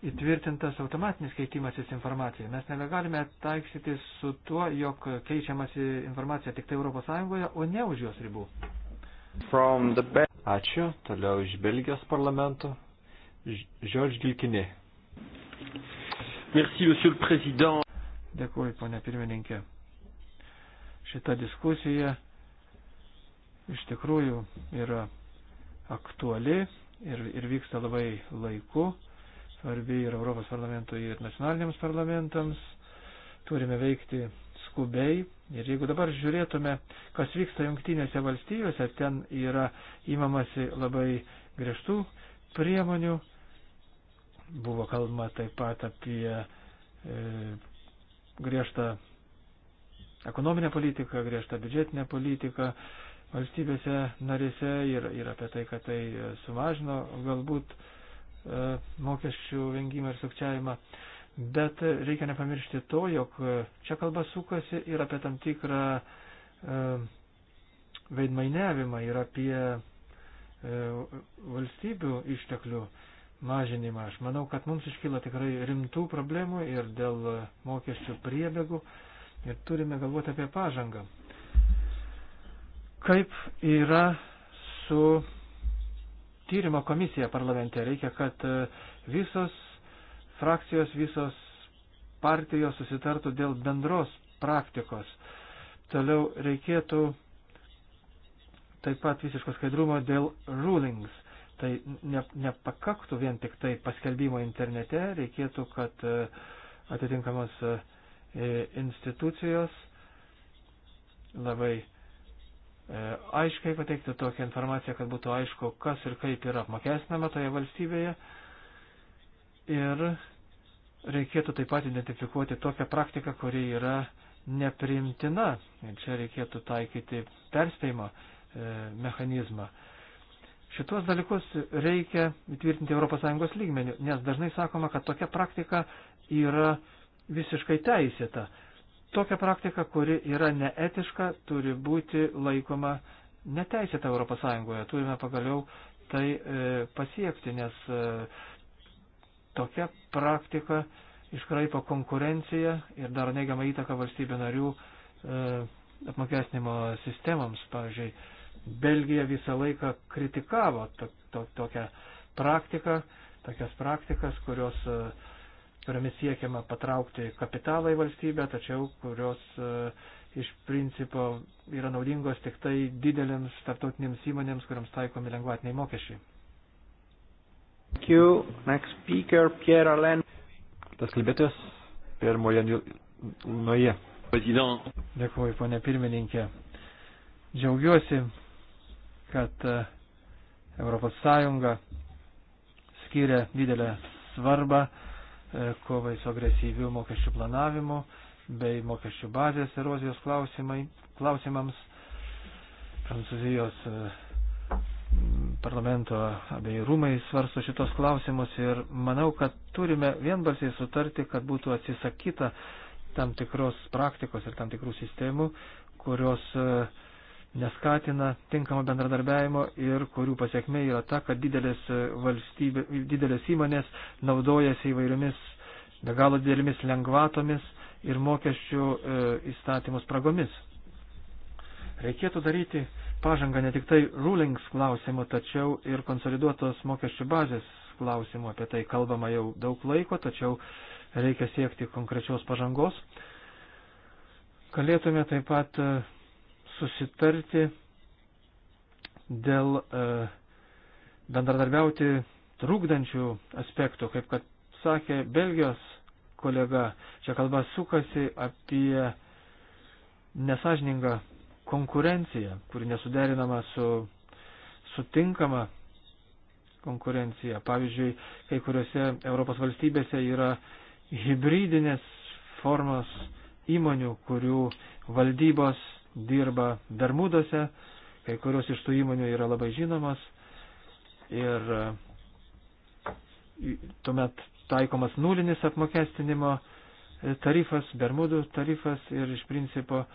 įtvirtintas automatinis keitimasis informacija. Mes nebegalime taiksyti su tuo, jog keičiamasi informacija tik tai ES, o ne už jos ribų. The... Ačiū. Toliau iš Belgijos parlamento. Žorž Gilkinė. Merci, monsieur le président. Dėkuoju, ponė pirmininkė. Šita diskusija iš tikrųjų yra aktuali ir, ir vyksta labai laiku svarbi ir Europos parlamentui, ir nacionaliniams parlamentams. Turime veikti skubiai. Ir jeigu dabar žiūrėtume, kas vyksta jungtinėse valstijose, ten yra įmamasi labai griežtų priemonių. Buvo kalba taip pat apie e, griežtą ekonominę politiką, griežtą biudžetinę politiką valstybėse narėse ir, ir apie tai, kad tai sumažino galbūt e, E, mokesčių vengimą ir sukčiavimą. Bet reikia nepamiršti to, jog čia kalba sukasi ir apie tam tikrą e, veidmainiavimą ir apie e, valstybių išteklių mažinimą. Aš manau, kad mums iškyla tikrai rimtų problemų ir dėl mokesčių priebėgų ir turime galvoti apie pažangą. Kaip yra su tyrimo komisiją parlamente. Reikia, kad e, visos frakcijos, visos partijos susitartų dėl bendros praktikos. Toliau reikėtų taip pat visiško skaidrumo dėl rulings. Tai ne, nepakaktų vien tik tai paskelbimo internete, reikėtų, kad e, atitinkamos e, institucijos labai E, aiškiai pateikti tokią informaciją, kad būtų aišku, kas ir kaip yra apmokestinama toje valstybėje. Ir reikėtų taip pat identifikuoti tokią praktiką, kuri yra neprimtina. Ir čia reikėtų taikyti perspėjimo e, mechanizmą. Šitos dalykus reikia įtvirtinti ES lygmenių, nes dažnai sakoma, kad tokia praktika yra visiškai teisėta. Tokia praktika, kuri yra neetiška, turi būti laikoma neteisėta Europos Sąjungoje. Turime pagaliau tai e, pasiekti, nes e, tokia praktika iškraipo konkurenciją ir daro neigiamą įtaką valstybių narių e, apmokestinimo sistemams. Pavyzdžiui, Belgija visą laiką kritikavo to, to, tokią praktiką, tokias praktikas, kurios e, kuriomis siekiama patraukti kapitalą į valstybę, tačiau kurios e, iš principo yra naudingos tik tai didelėms tarptautinėms įmonėms, kuriams taikomi lengvatiniai mokesčiai. Thank you. Next speaker, Pierre Alain. Tas kalbėtojas, Pierre Molien, nuoje. Pasidant. Dėkuoju, ponė pirmininkė. Džiaugiuosi, kad e, Europos Sąjunga skiria didelę svarbą uh, E, kovai su agresyviu mokesčių planavimu bei mokesčių bazės erozijos klausimams. Prancūzijos e, parlamento abiejų rūmai svarsto šitos klausimus ir manau, kad turime vienbalsiai sutarti, kad būtų atsisakyta tam tikros praktikos ir tam tikrų sistemų, kurios uh, neskatina tinkamo bendradarbiajimo ir kurių pasiekme yra ta, kad didelės, e, valstybė, didelės įmonės naudojasi įvairiomis be galo didelėmis lengvatomis ir mokesčių e, įstatymus pragomis. Reikėtų daryti pažangą ne tik tai rulings klausimu, tačiau ir konsoliduotos mokesčių bazės klausimu. Apie tai kalbama jau daug laiko, tačiau reikia siekti konkrečios pažangos. Galėtume taip pat e, susitarti dėl e, bendradarbiauti trūkdančių aspektų, kaip kad sakė Belgijos kolega, čia kalba sukasi apie nesažiningą konkurenciją, kuri nesuderinama su sutinkama konkurencija. Pavyzdžiui, kai kuriuose Europos valstybėse yra hybridinės formos įmonių, kurių valdybos dirba Bermuduose, kai kurios iš tų įmonių yra labai žinomas ir e, tuomet taikomas nulinis apmokestinimo e, tarifas, Bermudų tarifas ir iš principo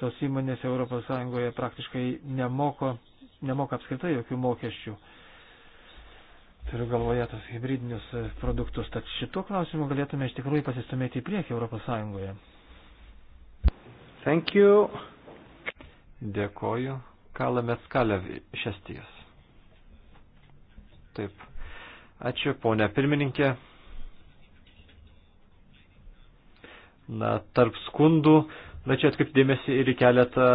tos įmonės ES praktiškai nemoko, nemoka apskritai jokių mokesčių. Turiu galvoje tos hybridinius e, produktus, tad šituo klausimu galėtume iš tikrųjų pasistumėti į priekį ES. Thank you. Dėkoju. Kalamets Kalev iš Estijos. Taip. Ačiū, ponė pirmininkė. Na, tarp skundų, na čia atkaip dėmesį ir į keletą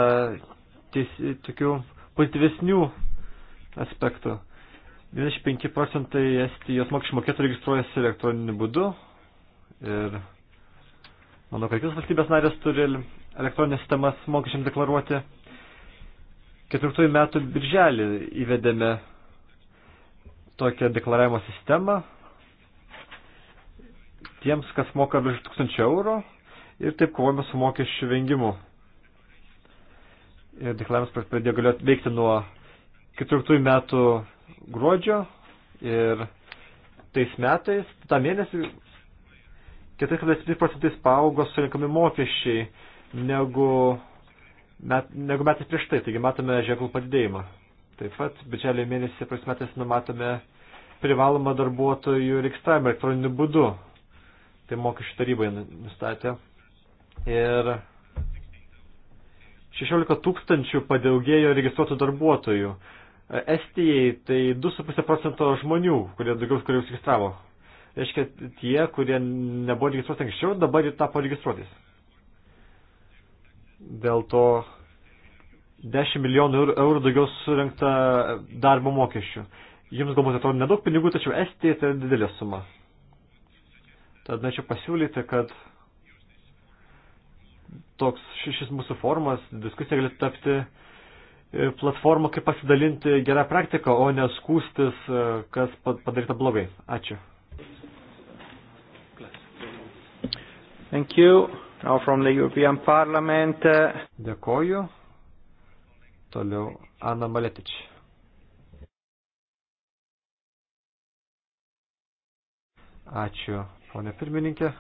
ties, tokių pozityvesnių aspektų. 95 procentai Estijos mokesčių mokėtų registruojasi elektroniniu būdu ir manau, kad kitos valstybės narės turi elektroninės sistemas mokesčiams deklaruoti. 14 metų birželį įvedėme tokią deklaravimo sistemą tiems, kas moka virš 1000 eurų ir taip kovojame su mokesčių vengimu. Ir deklaravimas pradėjo galioti veikti nuo 14 metų gruodžio ir tais metais, tą mėnesį, 4,7 procentais paaugo surinkami mokesčiai negu met, negu metais prieš tai, taigi matome ženklų padidėjimą. Taip pat bičelio mėnesį praeis metais numatome privalomą darbuotojų registravimą elektroniniu būdu. Tai mokesčių tarybai nustatė. Ir 16 tūkstančių padaugėjo registruotų darbuotojų. Estijai tai 2,5 procento žmonių, kurie daugiau, kurie užsiregistravo. Reiškia, tie, kurie nebuvo registruoti anksčiau, dabar ir tapo registruotis dėl to 10 milijonų eurų daugiau surinkta darbo mokesčių. Jums galbūt atrodo nedaug pinigų, tačiau Estija tai didelė suma. Tad norėčiau pasiūlyti, kad toks šis mūsų formas, diskusija galėtų tapti e, platforma, kaip pasidalinti gerą praktiką, o ne skūstis, e, kas padaryta blogai. Ačiū. Thank you. Now from the European Parliament. Uh, Dėkoju. Toliau Anna Maletič. Ačiū, ponė pirmininkė.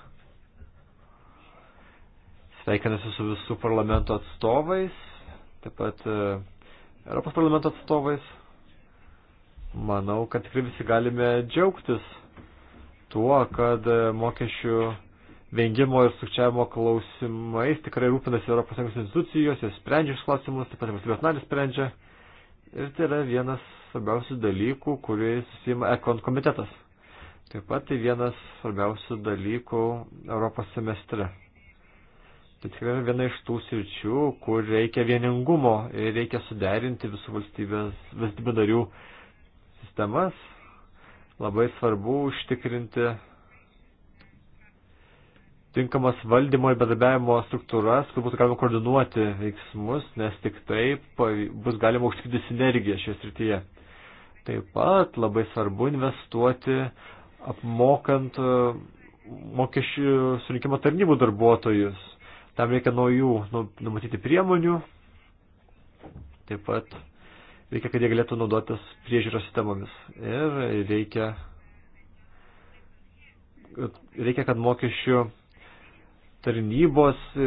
Sveikinasi su visų parlamento atstovais, taip pat e, Europos parlamento atstovais. Manau, kad tikrai visi galime džiaugtis tuo, kad e, mokesčių vengimo ir sukčiavimo klausimais tikrai rūpinasi ES institucijos, jos sprendžia iš klausimus, taip pat valstybės narės sprendžia. Ir tai yra vienas svarbiausių dalykų, kurį susima ekon komitetas. Taip pat tai vienas svarbiausių dalykų Europos semestre. Tai tikrai yra viena iš tų sričių, kur reikia vieningumo ir reikia suderinti visų valstybės, valstybės narių sistemas. Labai svarbu užtikrinti tinkamas valdymo ir bedarbiavimo struktūras, kur būtų galima koordinuoti veiksmus, nes tik taip bus galima užtikrinti sinergiją šioje srityje. Taip pat labai svarbu investuoti apmokant e, mokesčių surinkimo tarnybų darbuotojus. Tam reikia naujų nu, numatyti priemonių. Taip pat reikia, kad jie galėtų naudotis priežiūros sistemomis. Ir reikia, reikia kad mokesčių tarnybos e,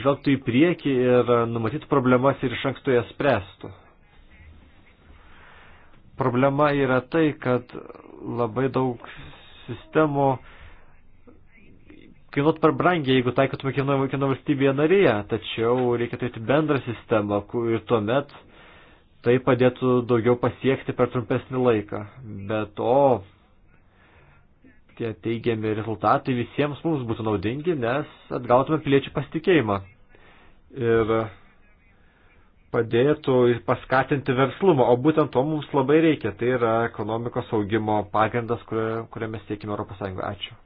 žvelgtų į priekį ir numatytų problemas ir iš anksto jas spręstų. Problema yra tai, kad labai daug sistemų kainuotų per brangiai, jeigu taikytume kiekvieno valstybėje narėje, tačiau reikia turėti bendrą sistemą ir tuomet tai padėtų daugiau pasiekti per trumpesnį laiką. Bet o tie teigiami rezultatai visiems mums būtų naudingi, nes atgautume piliečių pasitikėjimą ir padėtų paskatinti verslumą, o būtent to mums labai reikia. Tai yra ekonomikos augimo pagrindas, kurio, kurio mes siekime Europos Sąjungoje. Ačiū.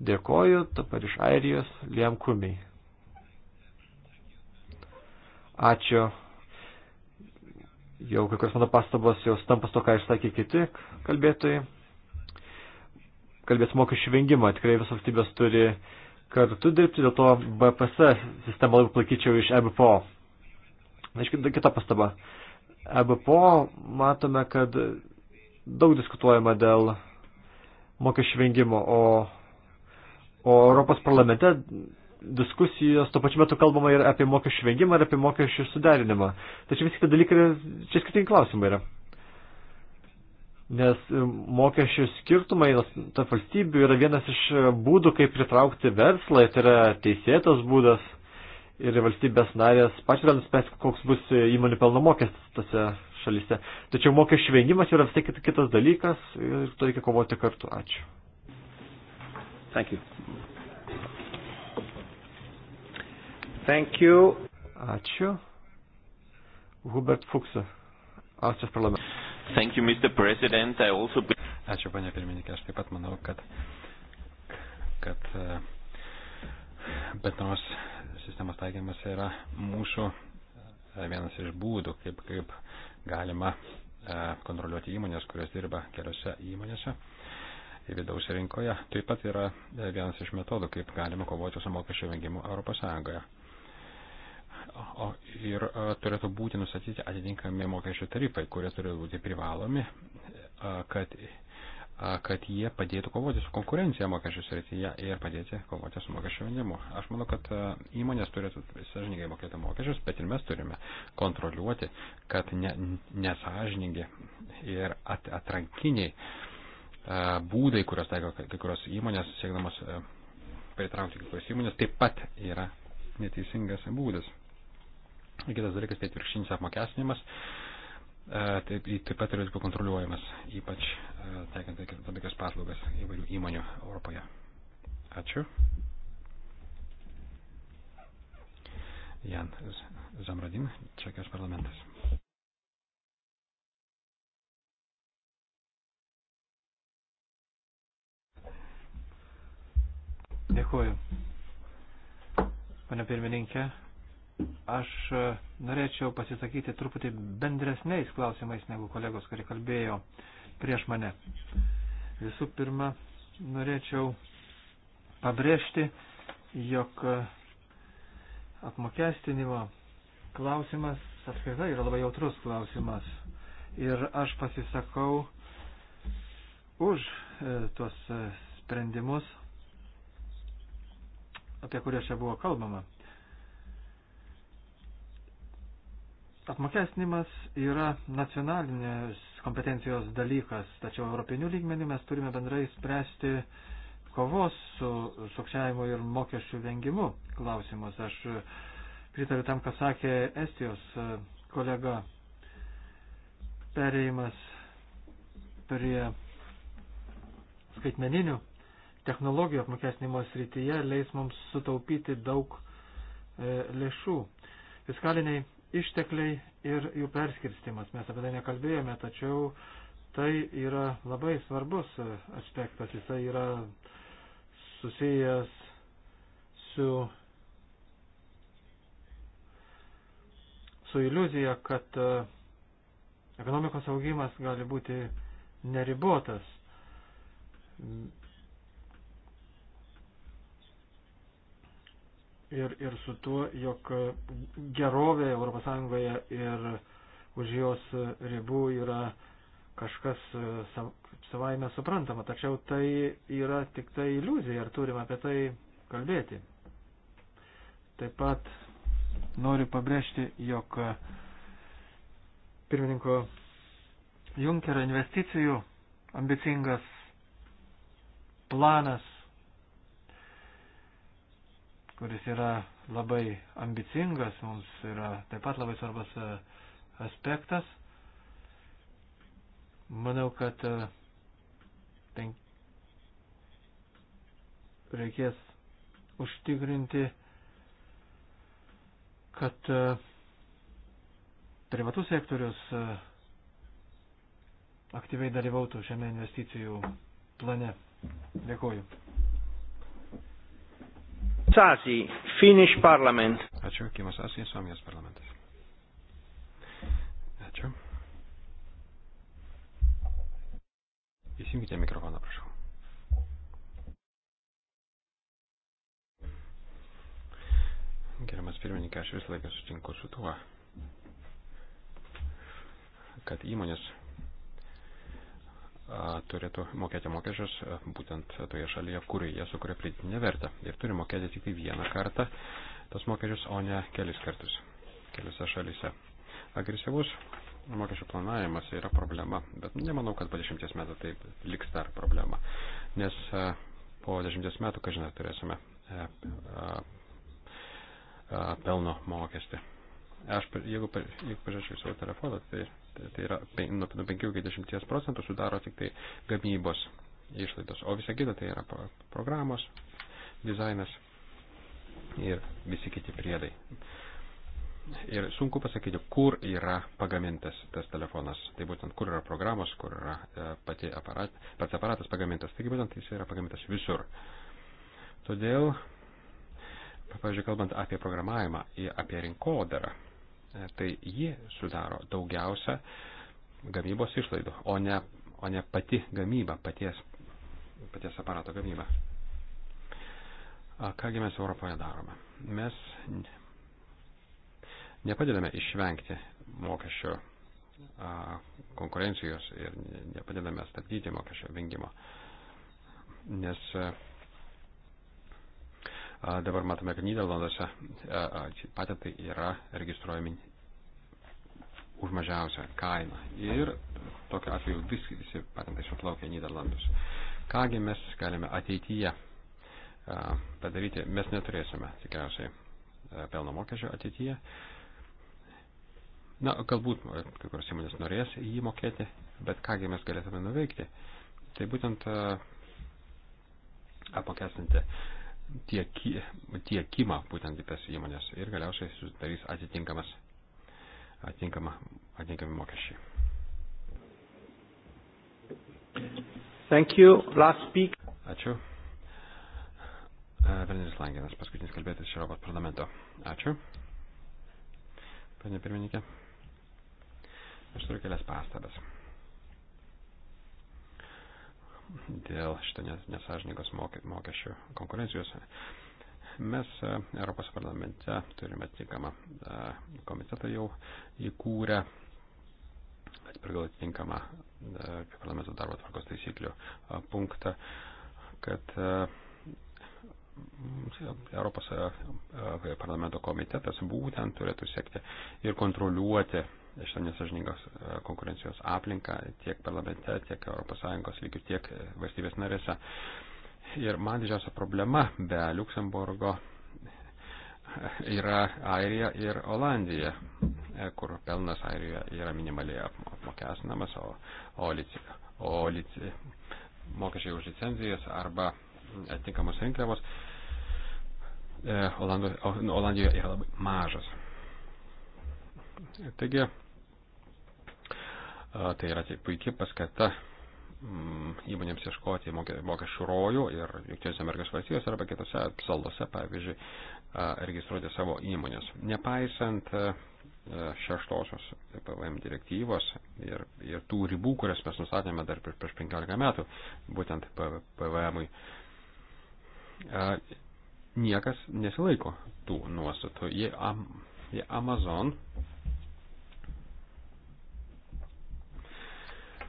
Dėkoju, dabar iš Airijos, Liam Kumiai. Ačiū. Jau kai kurios mano pastabos jau stampas to, ką išsakė kiti kalbėtojai kalbės mokesčių vengimą. Tikrai visos valstybės turi kartu dirbti, dėl to BPS sistemą labiau plakyčiau iš EBPO. Na, iškita kita pastaba. EBPO matome, kad daug diskutuojama dėl mokesčių vengimo, o, o Europos parlamente diskusijos, tuo pačiu metu kalbama ir apie mokesčių vengimą, ir apie mokesčių suderinimą. Tačiau vis tik dalykai, čia skirtingi klausimai yra nes mokesčių skirtumai tarp valstybių yra vienas iš būdų, kaip pritraukti verslą, tai yra teisėtas būdas ir valstybės narės pačios gali spręsti, koks bus įmonių pelno mokestis tose šalyse. Tačiau mokesčių vengimas yra visai kitas dalykas ir to reikia kovoti kartu. Ačiū. Thank you. Thank you. Ačiū. Hubert Fuchs, Austrijos parlamentas. Thank you, Mr. President. I also... Ačiū, panė pirmininkė. Aš taip pat manau, kad, kad bendros sistemos taikymas yra mūsų e, vienas iš būdų, kaip, kaip galima e, kontroliuoti įmonės, kurios dirba keliose įmonėse vidaus rinkoje. Taip pat yra e, vienas iš metodų, kaip galima kovoti su mokesčio vengimu ES. O ir e, turėtų būti nustatyti atitinkami mokesčių tarifai, kurie turi būti privalomi, e, kad, e, kad jie padėtų kovoti su konkurencija mokesčių srityje ir padėti kovoti su mokesčių vengimu. Aš manau, kad įmonės turėtų sąžininkai mokėti mokesčius, bet ir mes turime kontroliuoti, kad ne, nesažiningi ir at, atrankiniai būdai, kurios taiko kai kurios įmonės siekdamas pritraukti kitos įmonės, taip pat yra neteisingas būdas. Kitas dalykas tai atvirkštinis apmokestinimas. E, taip, taip pat turėtų būti kontroliuojamas, ypač e, taikant tam tikras paslaugas įvairių įmonių Europoje. Ačiū. Jan Zamradin, Čekijos parlamentas. Dėkuoju. Pane pirmininkė, Aš e, norėčiau pasisakyti truputį bendresniais klausimais negu kolegos, kurie kalbėjo prieš mane. Visų pirma, norėčiau pabrėžti, jog e, apmokestinimo klausimas apskritai yra labai jautrus klausimas. Ir aš pasisakau už e, tuos e, sprendimus, apie kuriuos čia buvo kalbama. Apmokestinimas yra nacionalinės kompetencijos dalykas, tačiau europinių lygmenių mes turime bendrai spręsti kovos su sukčiavimu ir mokesčių vengimu klausimus. Aš pritariu tam, ką sakė Estijos e, kolega. Pereimas prie skaitmeninių technologijų apmokestinimo srityje leis mums sutaupyti daug e, lėšų. Fiskaliniai ištekliai ir jų perskirstimas. Mes apie tai nekalbėjome, tačiau tai yra labai svarbus aspektas. Jisai yra susijęs su, su iliuzija, kad e, ekonomikos augimas gali būti neribotas. ir, ir su tuo, jog gerovė ES ir už jos ribų yra kažkas e, savaime suprantama, tačiau tai yra tik tai iliuzija ir turim apie tai kalbėti. Taip pat noriu pabrėžti, jog e, pirmininko Junkerio investicijų ambicingas planas kuris yra labai ambicingas, mums yra taip pat labai svarbas e, aspektas. Manau, kad e, penk... reikės užtikrinti, kad e, privatus sektorius aktyviai dalyvautų šiame investicijų plane. Dėkuoju. Sasi, Finnish Parliament. Ačiū, Kimas Sasi, Suomijos parlamentas. Ačiū. Įsijungite mikrofoną, prašau. Gerimas pirmininkė, aš vis laiką sutinku su tuo, kad įmonės turėtų mokėti mokesčius būtent toje šalyje, kurioje jie sukuria pridėtinę vertę. Ir turi mokėti tik tai vieną kartą tas mokesčius, o ne kelis kartus keliose šalyse. Agresyvus mokesčių planavimas yra problema, bet nemanau, kad po dešimties metų tai liks dar problema, nes po dešimties metų, ką žinai, turėsime e, pelno mokestį. Aš, jeigu, jeigu pažiūrėčiau savo telefoną, tai tai yra nuo 5 iki 10 procentų sudaro tik tai gamybos išlaidos, o visa kita tai yra programos, dizainas ir visi kiti priedai. Ir sunku pasakyti, kur yra pagamintas tas telefonas. Tai būtent, kur yra programos, kur yra e, pati aparat, pats aparatas pagamintas. Taigi būtent jis yra pagamintas visur. Todėl, pavyzdžiui, kalbant apie programavimą, apie rinkodarą, E, tai ji sudaro daugiausia gamybos išlaidų, o ne, o ne pati gamyba, paties, paties aparato gamyba. Kągi mes Europoje darome? Mes nepadedame išvengti mokesčio konkurencijos ir nepadedame stabdyti mokesčio vengimo. Nes Dabar matome, kad Niderlanduose patentai yra registruojami už mažiausią kainą. Ir tokiu atveju visi, visi patentai suplaukia Niderlandus. Kągi mes galime ateityje padaryti, mes neturėsime tikriausiai pelno mokesčio ateityje. Na, galbūt kai kurios įmonės norės jį mokėti, bet kągi mes galėtume nuveikti. Tai būtent apmokestinti tieki, tiekimą būtent į tas įmonės ir galiausiai susidarys atitinkamas atitinkama, atitinkami mokesčiai. Thank you. Last speak. Ačiū. Verneris Langenas, paskutinis kalbėtis iš Europos parlamento. Ačiū. Pane pirmininkė, aš turiu kelias pastabas dėl šito nesažininkos mokesčių konkurencijos. Mes e, Europos parlamente turime tinkamą e, komitetą jau įkūrę pagal atitinkamą e, parlamento darbo tvarkos taisyklių punktą, kad Europos parlamento komitetas būtent turėtų sekti ir kontroliuoti šitą nesažiningos e, konkurencijos aplinką tiek parlamente, tiek ES lygių, tiek e, valstybės narėse. Ir man didžiausia problema be Luksemburgo e, yra Airija ir Olandija, kur pelnas Airijoje yra minimaliai apmokestinamas, o, o, lici, o lici, mokesčiai už licenzijas arba atitinkamos rinkliavos Olandijoje yra labai mažas. Taigi, Tai yra tai puikia paskata mm, įmonėms ieškoti mokesčių rojų ir Junktinėse Amerikos valstijose arba kitose salose, pavyzdžiui, registruoti savo įmonės. Nepaisant šeštosios PVM direktyvos ir, ir tų ribų, kurias mes nustatėme dar prieš 15 metų, būtent PVM-ui, niekas nesilaiko tų nuostatų. Jie, jie Amazon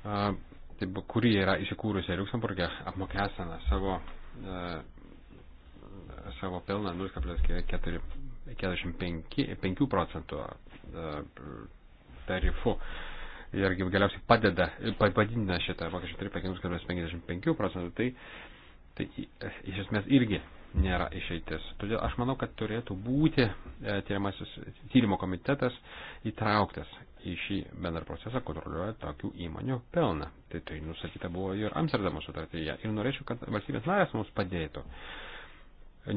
taip, kuri yra įsikūrusi Luxemburgė, apmokestina savo, e, savo pelną 0,45 procentų e, tarifu ir galiausiai padeda, padidina šitą mokesčių tarifą 0,55 procentų, tai, tai e, iš esmės irgi nėra išeitis. Todėl aš manau, kad turėtų būti e, tyrimo komitetas įtrauktas į šį bendrą procesą, kontroliuoja tokių įmonių pelną. Tai tai nusakyta buvo ir Amsterdamo sutartyje. Ir norėčiau, kad valstybės narės mums padėtų.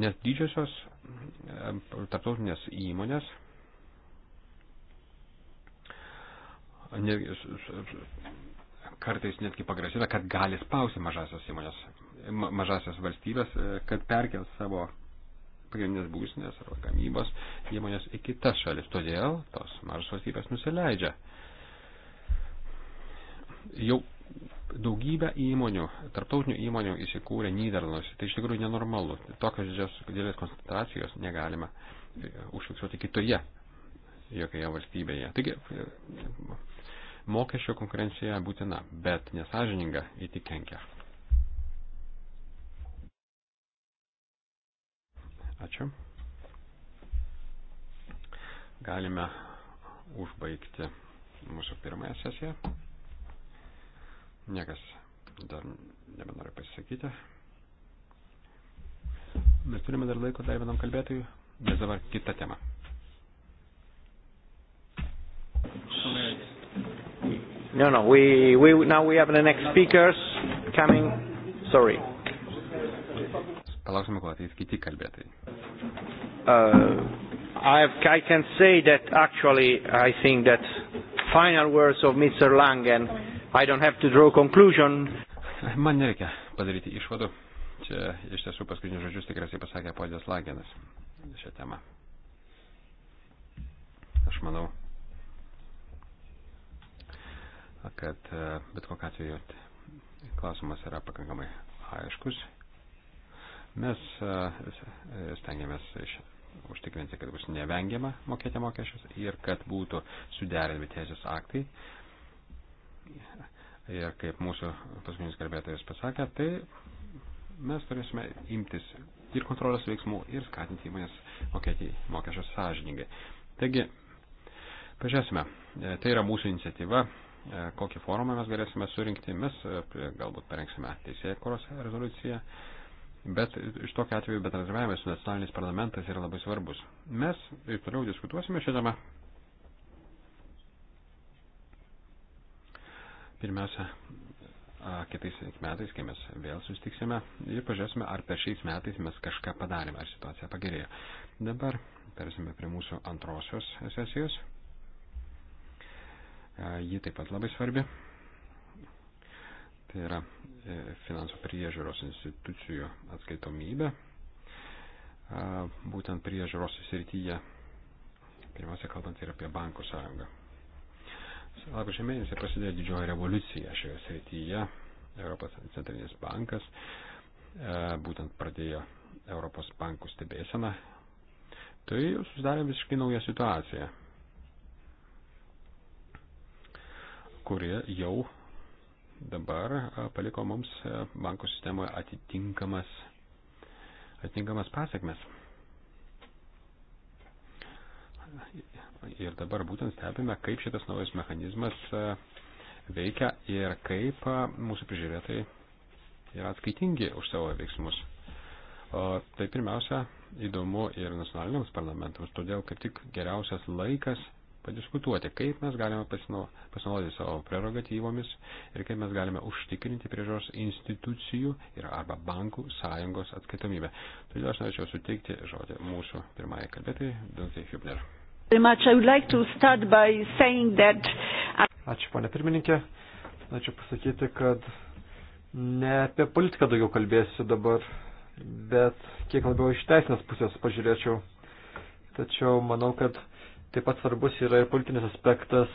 Nes didžiosios e, tarptautinės įmonės ne, kartais netgi pagrasina, kad gali spausti mažasios įmonės mažasios valstybės, e, kad perkels savo pagrindinės būsinės arba gamybos įmonės į kitas šalis. Todėl tos mažos valstybės nusileidžia. Jau daugybę įmonių, tarptautinių įmonių įsikūrė Niderlanduose. Tai iš tikrųjų nenormalu. Tokios didelės koncentracijos negalima e, užfiksuoti kitoje jokioje valstybėje. Taigi, e, mokesčio konkurencija būtina, bet nesažininga įtikenkia. Ačiū. Galime užbaigti mūsų pirmąją sesiją. Niekas dar nebenori pasisakyti. Mes turime dar laiko dar vienam kalbėtojui, bet dabar kita tema. No, no, we, we, now we have the next speakers coming. Sorry. Palauksime, kol ateis kiti kalbėtojai. Uh, Man nereikia padaryti išvadų. Čia iš tiesų paskutinius žodžius tikriausiai pasakė podės Lagenas šią temą. Aš manau, kad uh, bet kokiu atveju klausimas yra pakankamai aiškus Mes e, e, stengiamės užtikrinti, kad bus nevengiama mokėti mokesčius ir kad būtų suderinami teisės aktai. Ir kaip mūsų paskutinis kalbėtojas pasakė, tai mes turėsime imtis ir kontrolės veiksmų, ir skatinti įmonės mokėti mokesčius sąžiningai. Taigi, pažiūrėsime, e, tai yra mūsų iniciatyva, kokį forumą mes galėsime surinkti, mes galbūt parengsime teisėjų kuros rezoliuciją Bet iš tokio atveju bendradarbiavimas su nacionaliniais parlamentais yra labai svarbus. Mes ir toliau diskutuosime šią temą. Pirmiausia, kitais metais, kai mes vėl sustiksime ir pažiūrėsime, ar per šiais metais mes kažką padarėme, ar situacija pagerėjo. Dabar persime prie mūsų antrosios sesijos. Ji taip pat labai svarbi. Tai yra e, finansų priežiūros institucijų atskaitomybė. Būtent priežiūros srityje, pirmiausia, kalbant ir apie bankų sąjungą. Lapkričio mėnesį prasidėjo didžioji revoliucija šioje srityje. Europos centrinis bankas e, būtent pradėjo Europos bankų stebėseną. Tai susidarė visiškai nauja situacija, kuri jau dabar paliko mums bankų sistemoje atitinkamas, atitinkamas pasiekmes. Ir dabar būtent stebime, kaip šitas naujas mechanizmas veikia ir kaip mūsų prižiūrėtai yra atskaitingi už savo veiksmus. O tai pirmiausia įdomu ir nacionaliniams parlamentams, todėl kaip tik geriausias laikas padiskutuoti, kaip mes galime pasinaudoti savo prerogatyvomis ir kaip mes galime užtikrinti priežos institucijų ir arba bankų sąjungos atskaitomybę. Todėl aš norėčiau suteikti žodį mūsų pirmąją kalbėtojai, Dantai Hübner. Ačiū, ponė pirmininkė. Ačiū pasakyti, kad ne apie politiką daugiau kalbėsiu dabar, bet kiek labiau iš teisinės pusės pažiūrėčiau. Tačiau manau, kad Taip pat svarbus yra ir politinis aspektas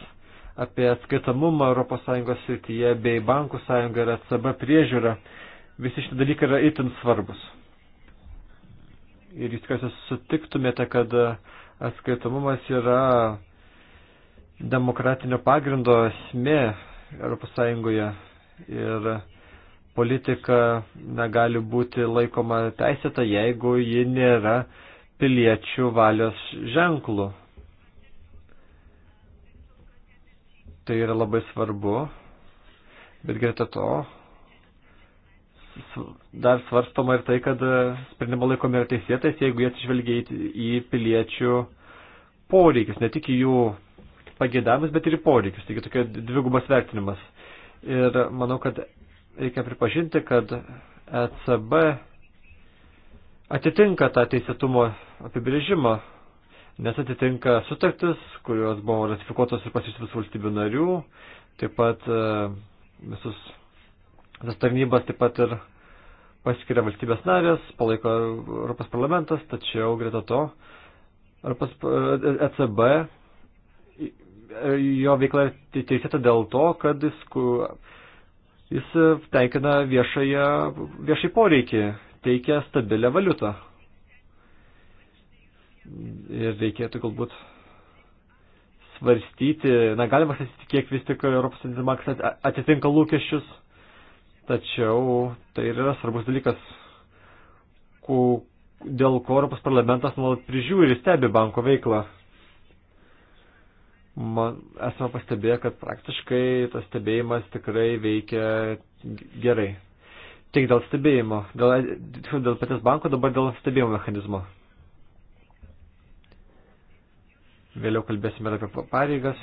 apie atskaitamumą ES srityje bei bankų sąjungą ir ECB priežiūrą. Visi šitie dalykai yra itin svarbus. Ir jūs tikriausiai sutiktumėte, kad atskaitomumas yra demokratinio pagrindo esmė ES ir politika negali būti laikoma teisėta, jeigu ji nėra piliečių valios ženklų. Tai yra labai svarbu, bet greta to dar svarstoma ir tai, kad e, sprendimo laikomi yra teisėtais, jeigu jie atsižvelgia į piliečių poreikis, ne tik į jų pagėdavimus, bet ir į poreikius. Taigi tokia dvigubas vertinimas. Ir manau, kad reikia pripažinti, kad ECB atitinka tą teisėtumo apibrėžimą nes atitinka sutartis, kurios buvo ratifikuotos ir pasiūstis valstybių narių, taip pat e, visus, visas tarnybas taip pat ir paskiria valstybės narės, palaiko Europos parlamentas, tačiau greta to Europos, ECB e e, jo veikla teisėta dėl to, kad jis, jis tenkina viešąją, viešai poreikį, teikia stabilę valiutą ir reikėtų galbūt svarstyti, na galima svarstyti, kiek vis tik Europos centrinis bankas atitinka lūkesčius, tačiau tai ir yra svarbus dalykas, ku, dėl ko Europos parlamentas nuolat prižiūri ir stebi banko veiklą. Man, esame pastebėję, kad praktiškai tas stebėjimas tikrai veikia gerai. Tik dėl stebėjimo, dėl, dėl paties banko, dabar dėl stebėjimo mechanizmo. Vėliau kalbėsime apie pareigas.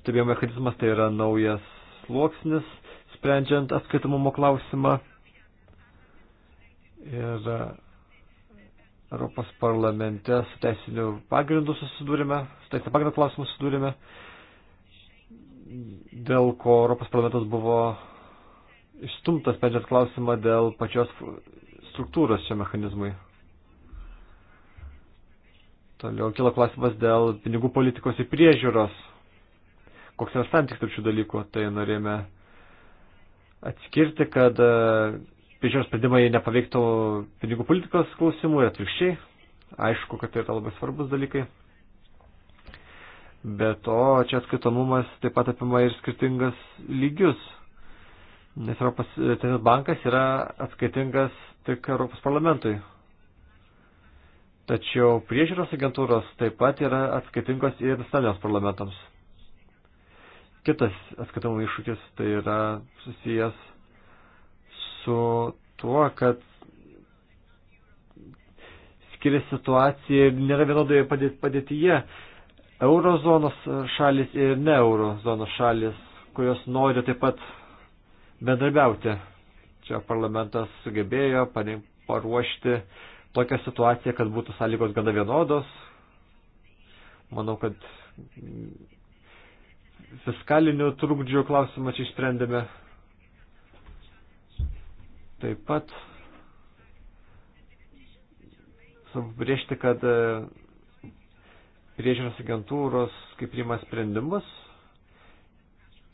Stebėjimo mechanizmas tai yra naujas sluoksnis, sprendžiant atskaitomumo klausimą. Ir e, Europos parlamente su teisiniu pagrindu susidūrėme, su teisinio pagrindo klausimu susidūrėme, dėl ko Europos parlamentas buvo išstumtas, sprendžiant klausimą dėl pačios struktūros šio mechanizmui. Toliau kilo klausimas dėl pinigų politikos ir priežiūros. Koks yra santykis tarp šių dalykų, tai norėjome atskirti, kad e, priežiūros sprendimai nepaveiktų pinigų politikos klausimų ir atvirkščiai. Aišku, kad tai yra labai svarbus dalykai. Be to, čia skaitomumas taip pat apima ir skirtingas lygius. Nes Europos Centrinis bankas yra atskaitingas tik Europos parlamentui. Tačiau priežiūros agentūros taip pat yra atskaitingos ir nacionaliniams parlamentams. Kitas atskaitimo iššūkis tai yra susijęs su tuo, kad skiriasi situacija ir nėra vienodoje padėtyje eurozonos šalis ir ne eurozonos šalis, kurios nori taip pat bendarbiauti. Čia parlamentas sugebėjo paruošti uh, tokią situaciją, kad būtų sąlygos gana vienodos. Manau, kad fiskalinių trukdžių klausimą čia išsprendėme. Taip pat subrėžti, kad e, priežiūros agentūros, kaip priima sprendimus,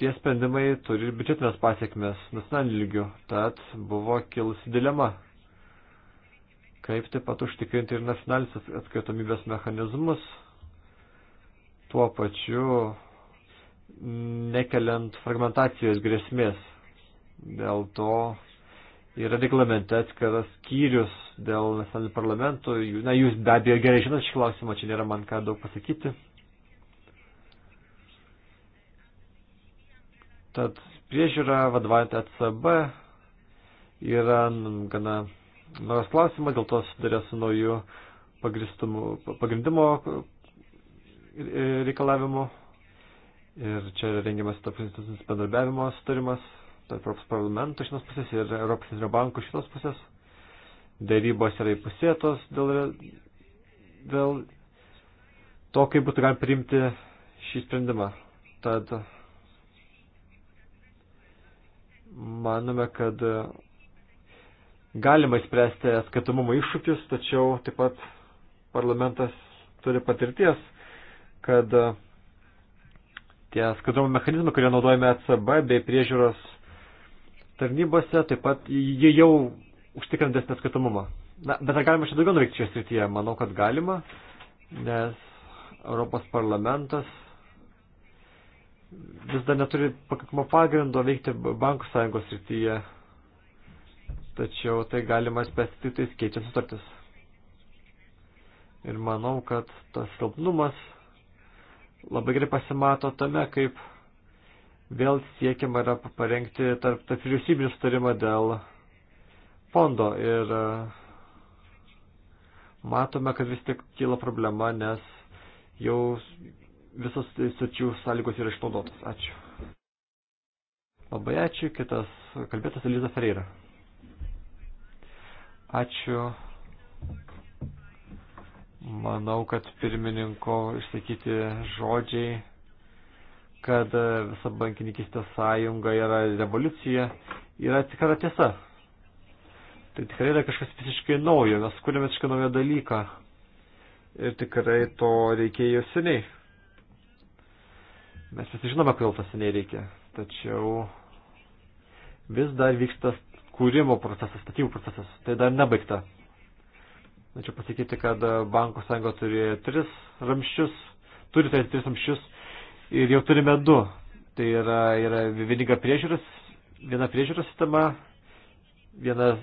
tie sprendimai turi ir biudžetinės pasiekmes nacionalinių lygių. Tad buvo kilusi dilema kaip taip pat užtikrinti ir nacionalinės atskaitomybės mechanizmus, tuo pačiu nekeliant fragmentacijos grėsmės. Dėl to yra reglamente atskiras skyrius dėl nacionalinių parlamentų. Na, jūs be abejo gerai žinot šį klausimą, čia nėra man ką daug pasakyti. Tad priežiūra vadovaujant ECB yra gana naujas klausimas, dėl to sudarė su nauju pagrindimo reikalavimu. Ir čia rengiamas tarp institucinis bendarbiavimo sutarimas tarp Europos parlamento šios pusės ir Europos centrinio banko šios pusės. Darybos yra įpusėtos dėl, dėl to, kaip būtų galima priimti šį sprendimą. Tad manome, kad galima įspręsti atskaitomumo iššūkius, tačiau taip pat parlamentas turi patirties, kad e, tie atskaitomumo mechanizmai, kurie naudojame ECB bei priežiūros tarnybose, taip pat jie jau užtikrina desnį atskaitomumą. Na, bet ar galima čia daugiau nuveikti šioje srityje? Manau, kad galima, nes Europos parlamentas vis dar neturi pakankamo pagrindo veikti bankų sąjungos srityje tačiau tai galima spręsti tik keičiant sutartis. Ir manau, kad tas silpnumas labai gerai pasimato tame, kaip vėl siekiama yra parengti tarp, tarp vyriausybinį sutarimą dėl fondo. Ir e, matome, kad vis tik kyla problema, nes jau visos sučių sąlygos yra išnaudotos. Ačiū. Labai ačiū. Kitas kalbėtas Eliza Ferreira. Ačiū. Manau, kad pirmininko išsakyti žodžiai, kad visa bankininkistės sąjunga yra revoliucija, yra tikra tiesa. Tai tikrai yra kažkas visiškai naujo, mes kūrėme visiškai naują dalyką. Ir tikrai to reikėjo seniai. Mes visi žinome, kodėl to seniai reikia. Tačiau vis dar vyksta kūrimo procesas, statybų procesas. Tai dar nebaigta. Norėčiau pasakyti, kad Bankų sąjunga turėjo tris ramščius, turi tai tris ramščius ir jau turime du. Tai yra, yra vieninga priežiūros, viena priežiūros sistema, viena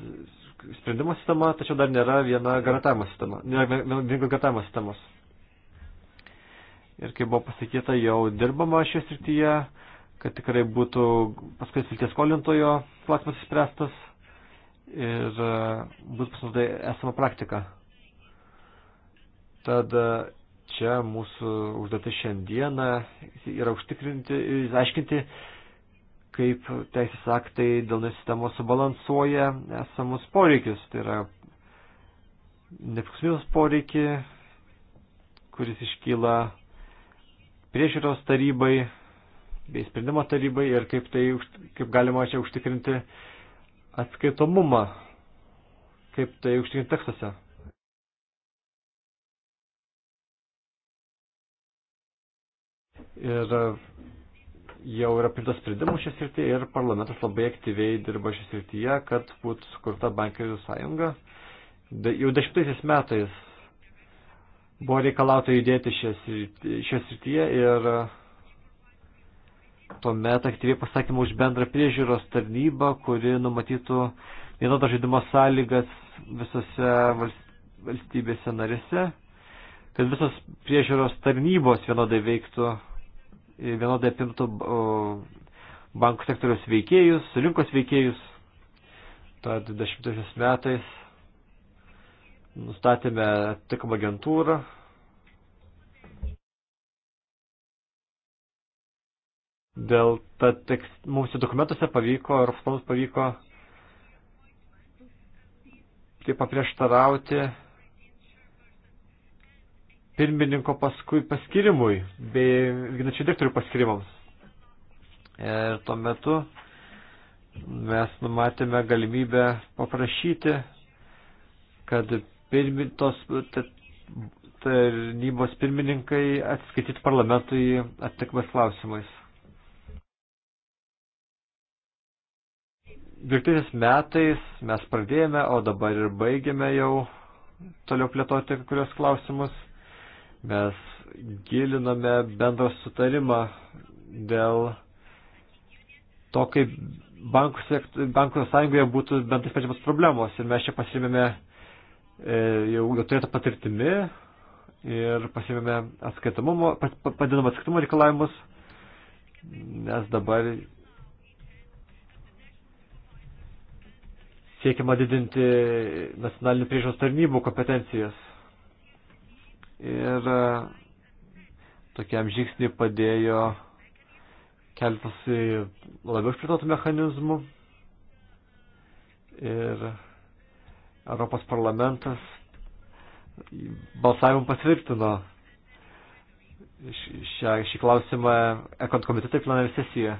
sprendimo sistema, tačiau dar nėra viena garantavimo sistema, nėra vieningos garantavimo sistemos. Ir kaip buvo pasakyta, jau dirbama šioje srityje, kad tikrai būtų paskui silties skolintojo klausimas išspręstas ir e, bus pasinaudai esama praktika. Tad e, čia mūsų užduotis šiandieną yra užtikrinti ir aiškinti, kaip teisės aktai dėl nesistemos subalansuoja esamus poreikius. Tai yra nepriklausomybės poreikį, kuris iškyla priežiūros tarybai bei sprendimo tarybai ir kaip, tai, kaip galima čia užtikrinti uh, atskaitomumą, kaip tai užtikrinti tekstuose. Ir jau yra priimtas sprendimų šią sritį ir parlamentas labai aktyviai dirba šią srityje, kad būtų sukurta bankerių sąjunga. De, jau dešimtaisiais metais buvo reikalauta judėti šią srityje ir tuomet aktyviai pasakymą už bendrą priežiūros tarnybą, kuri numatytų vienodas žaidimo sąlygas visose valstybėse narėse, kad visos priežiūros tarnybos vienodai veiktų, vienodai apimtų bankų sektoriaus veikėjus, rinkos veikėjus. Tad 20 metais nustatėme atitinkamą agentūrą, Dėl ta tekst, mums dokumentuose pavyko, Europos mums pavyko taip paprieštarauti pirmininko paskui paskirimui bei vykdančių direktorių paskirimams. Ir tuo metu mes numatėme galimybę paprašyti, kad pirmintos tarnybos pirmininkai atskaitytų parlamentui atitikimas klausimais. Dvirtinis metais mes pradėjome, o dabar ir baigėme jau toliau plėtoti kurios klausimus. Mes giliname bendrą sutarimą dėl to, kaip bankų, sekt, bankų sąjungoje būtų bent taip pačiamas problemos. Ir mes čia pasirėmėme e, jau, jau turėtą patirtimi ir pasirėmėme atskaitamumo, padidinam atskaitumo reikalavimus, nes dabar siekiama didinti nacionalinių priežos tarnybų kompetencijas. Ir e, tokiam žingsniui padėjo keltas į labiau išplėtotų mechanizmų. Ir Europos parlamentas balsavimu patvirtino šią, šį klausimą ekont komitete plenarinė sesija.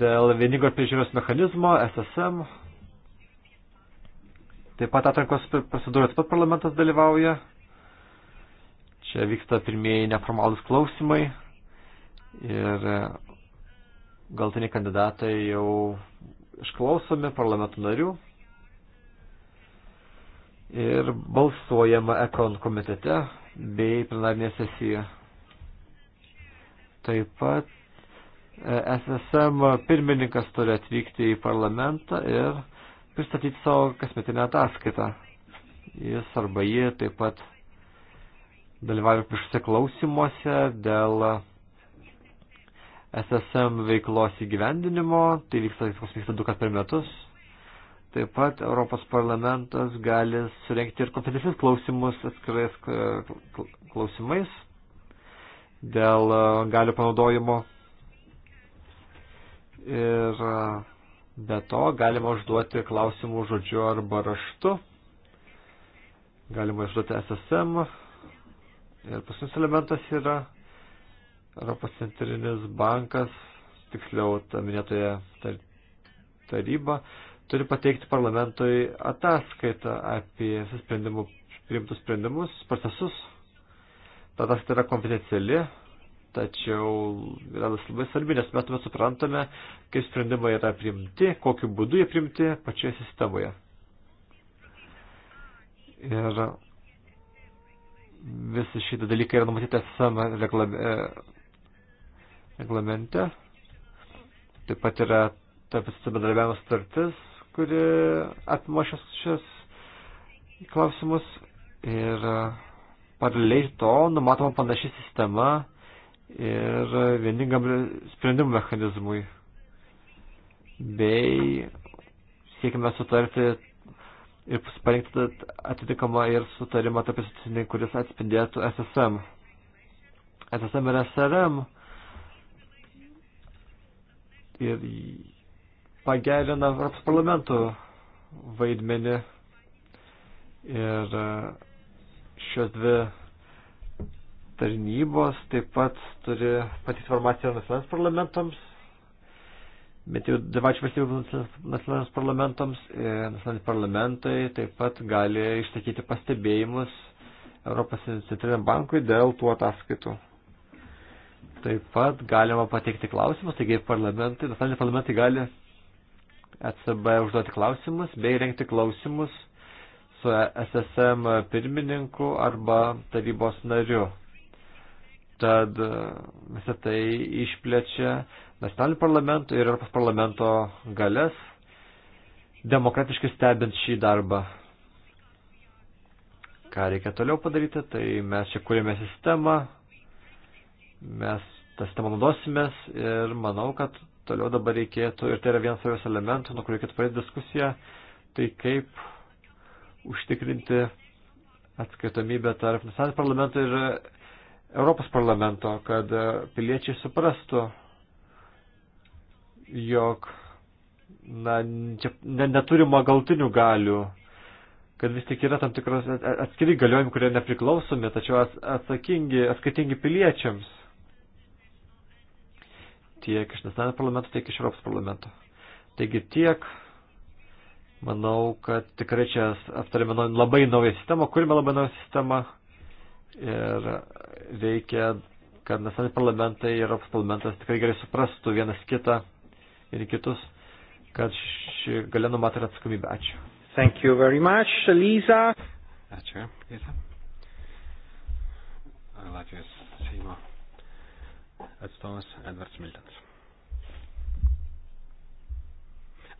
dėl vieningos priežiūros mechanizmo, SSM. Taip pat atrankos procedūros pat parlamentas dalyvauja. Čia vyksta pirmieji neformalus klausimai. Ir e, galtiniai kandidatai jau išklausomi parlamentų narių. Ir balsuojama ekon komitete bei plenarinėje sesijoje. Taip pat SSM pirmininkas turi atvykti į parlamentą ir pristatyti savo kasmetinę ataskaitą. Jis arba ji taip pat dalyvauja priešuose klausimuose dėl SSM veiklos įgyvendinimo, tai vyksta, tai vyksta du kart per metus. Taip pat Europos parlamentas gali surenkti ir kompetencijos klausimus atskirais e, klausimais dėl e, galio panaudojimo Ir e, be to galima užduoti klausimų žodžiu arba raštu. Galima užduoti SSM. Ir paskutinis elementas yra Europos centrinis bankas, tiksliau ta minėtoje taryba, turi pateikti parlamentoj ataskaitą apie visus sprendimų, priimtus sprendimus, procesus. Ta ataskaita yra kompetenciali, tačiau yra labai svarbi, nes mes tuomet suprantame, kaip sprendimai yra priimti, kokiu būdu jie priimti pačioje sistemoje. Ir visi šitą dalyką yra numatyta esame e, reglamente. Taip pat yra tarp bendradarbiavimo startis, kuri apima šios, šios klausimus. Ir paraleliai to numatoma panaši sistema ir vieningam sprendimų mechanizmui. Bei siekime sutarti ir parinkti atitinkamą ir sutarimą tarp institucinį, kuris atspindėtų SSM. SSM ir SRM ir pagerina Europos parlamento vaidmenį ir šios dvi tarnybos taip pat turi pati informaciją nacionaliniams parlamentams, bet jau devačių valstybių nacionaliniams parlamentams, nacionaliniai parlamentai taip pat gali išsakyti pastebėjimus Europos centriniam bankui dėl tų ataskaitų. Taip pat galima pateikti klausimus, taigi parlamentai, nacionaliniai parlamentai gali ECB užduoti klausimus bei rengti klausimus su e SSM pirmininku arba tarybos nariu. Tad e, visą tai išplečia nacionalinių parlamentų ir Europos parlamento galės demokratiškai stebint šį darbą. Ką reikia toliau padaryti, tai mes čia kūrėme sistemą, mes tą sistemą naudosimės ir manau, kad toliau dabar reikėtų, ir tai yra vienas savęs elementų, nuo kurio reikėtų pradėti diskusiją, tai kaip užtikrinti atskaitomybę tarp nacionalinio parlamento ir Europos parlamento, kad e, piliečiai suprastų, jog na, čia ne, neturima galtinių galių, kad vis tik yra tam tikras atskiri galiojimai, kurie nepriklausomi, tačiau atsakingi, atskaitingi piliečiams tiek iš nacionalinio parlamento, tiek iš Europos parlamento. Taigi tiek, manau, kad tikrai čia aptarėme labai naują sistemą, kurime labai naują sistemą, ir reikia, kad nacionaliniai parlamentai ir Europos parlamentas tikrai gerai suprastų vienas kitą ir kitus, kad ši galia numato ir atsakomybę. Ačiū. Thank you very much, Lisa. Ačiū, Lisa. Latvijos Seimo atstovas Edvards Miltons.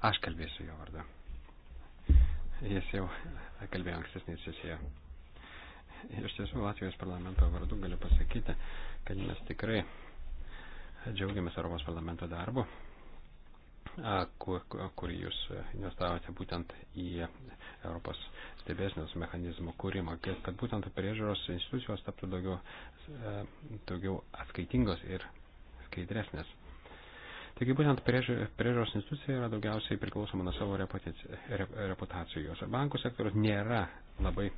Aš kalbėsiu jo vardu. Jis jau kalbėjo ankstesnėje sesijoje. Iš tiesų, Latvijos parlamento vardu galiu pasakyti, kad mes tikrai džiaugiamės Europos parlamento darbu, kurį jūs investavote būtent į Europos stebėsnios mechanizmo kūrimą, kad būtent priežiūros institucijos taptų daugiau, daugiau atskaitingos ir skaidresnės. Taigi būtent priežiūros institucija yra daugiausiai priklausoma nuo savo reputacijos. Bankų sektorius nėra labai